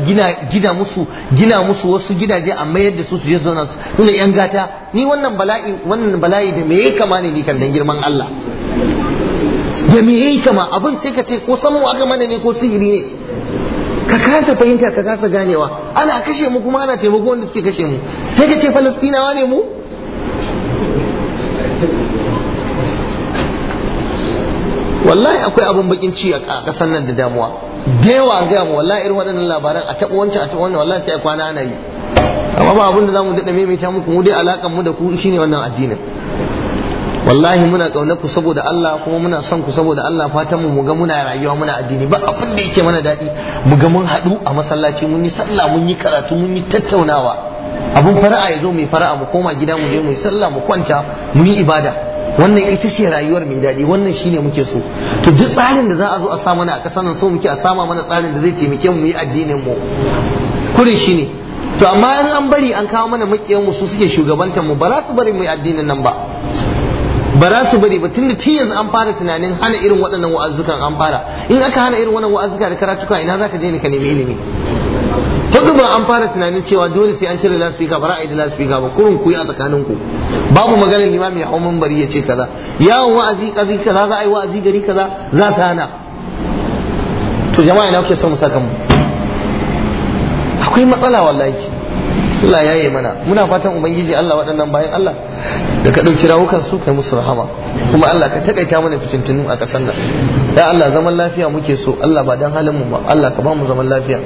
gina musu gina musu wasu gidaje a mayar da su su je zauna su yan gata ni wannan bala'i da me ya kama ne ni kan dan girman Allah da me yayi kama abin sai ka ce ko mu aka mana ne ko sihiri ne ka kasa fahimta ka kasa ganewa ana kashe mu kuma ana taimako wanda suke kashe mu sai ka ce falastinawa ne mu wallahi akwai abin bakin ci a kasan nan da damuwa da yawa gaya mu wallahi irin waɗannan labaran a taɓa wancan a taɓa wannan wallahi sai kwana ana yi amma ba abin da zamu daɗa maimaita muku mu dai alakan mu da ku shine wannan addinin wallahi muna kaunar ku saboda Allah kuma muna son ku saboda Allah fatan mu ga muna rayuwa muna addini ba abin da yake mana daɗi mu ga mun hadu a masallaci mun yi sallah mun yi karatu mun yi tattaunawa abun fara'a ya zo mai fara'a mu koma gida mu je mu yi sallah mu kwanta mu yi ibada wannan ita ce rayuwar mai daɗi wannan shine muke so to duk tsarin da za a zo a sa mana a ƙasar nan so muke a sama mana tsarin da zai taimake mu yi addinin mu kurin shine to amma in an bari an kawo mana makiyan mu su suke shugabantar mu ba za su bari mu yi addinin nan ba ba za su bari ba tun da tun yanzu an fara tunanin hana irin waɗannan wa'azukan an fara in aka hana irin wannan wa'azuka da karatuka ina za ka je ne ka nemi ilimi hudu ba an fara tunanin cewa dole sai an cire laspika ba ra'ayi da laspika ba kurun ku yi a tsakanin ku babu maganar limami ya hau bari ya ce kaza yawon wa'azi kazi kaza za a yi wa'azi gari kaza za ta hana to jama'a ina kuke son mu sakan mu akwai matsala wallahi Allah ya yi mana muna fatan ubangiji Allah waɗannan bayan Allah da ka ɗauki rawukan su kai musu rahama kuma Allah ka takaita mana fitintinu a ƙasar nan ya Allah zaman lafiya muke so Allah ba dan halin mu ba Allah ka ba mu zaman lafiya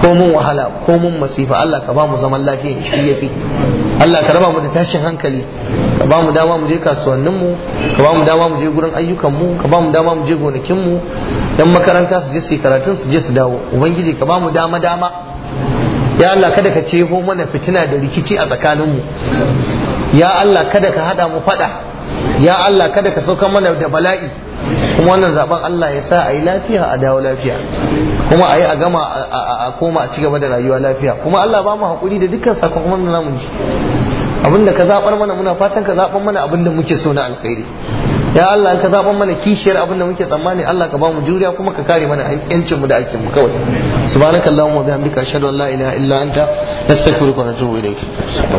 ko mun wahala ko mun masifa Allah ka ba mu zaman lafiya shi yafi Allah ka raba mu da tashin hankali ka ba mu dama mu je kasuwannin mu ka ba mu dama mu je gurin ayyukan mu ka ba mu dama mu je gonakin mu dan makaranta su je su karatun su je su dawo ubangiji ka ba mu dama dama ya Allah kada ka jeho mana fitina da rikici a tsakaninmu ya Allah kada ka haɗa mu faɗa. ya Allah kada ka sauka mana da bala'i kuma wannan zaben Allah ya sa a yi lafiya a dawo lafiya kuma a yi a gama a koma a cigaba da rayuwa lafiya kuma Allah ba mu haƙuri da dukkan sakamakon da zamu ji abinda ka zaɓar mana muna fatan ka zaɓar mana abinda muke so na alkhairi ya Allah ka zaban mana kishiyar abin da muke tsammani Allah ka ba mu juriya kuma ka kare mana yancin mu da ake mu kawai subhanakallahumma wa bihamdika ashhadu an la ilaha illa anta nastaghfiruka wa natubu ilayk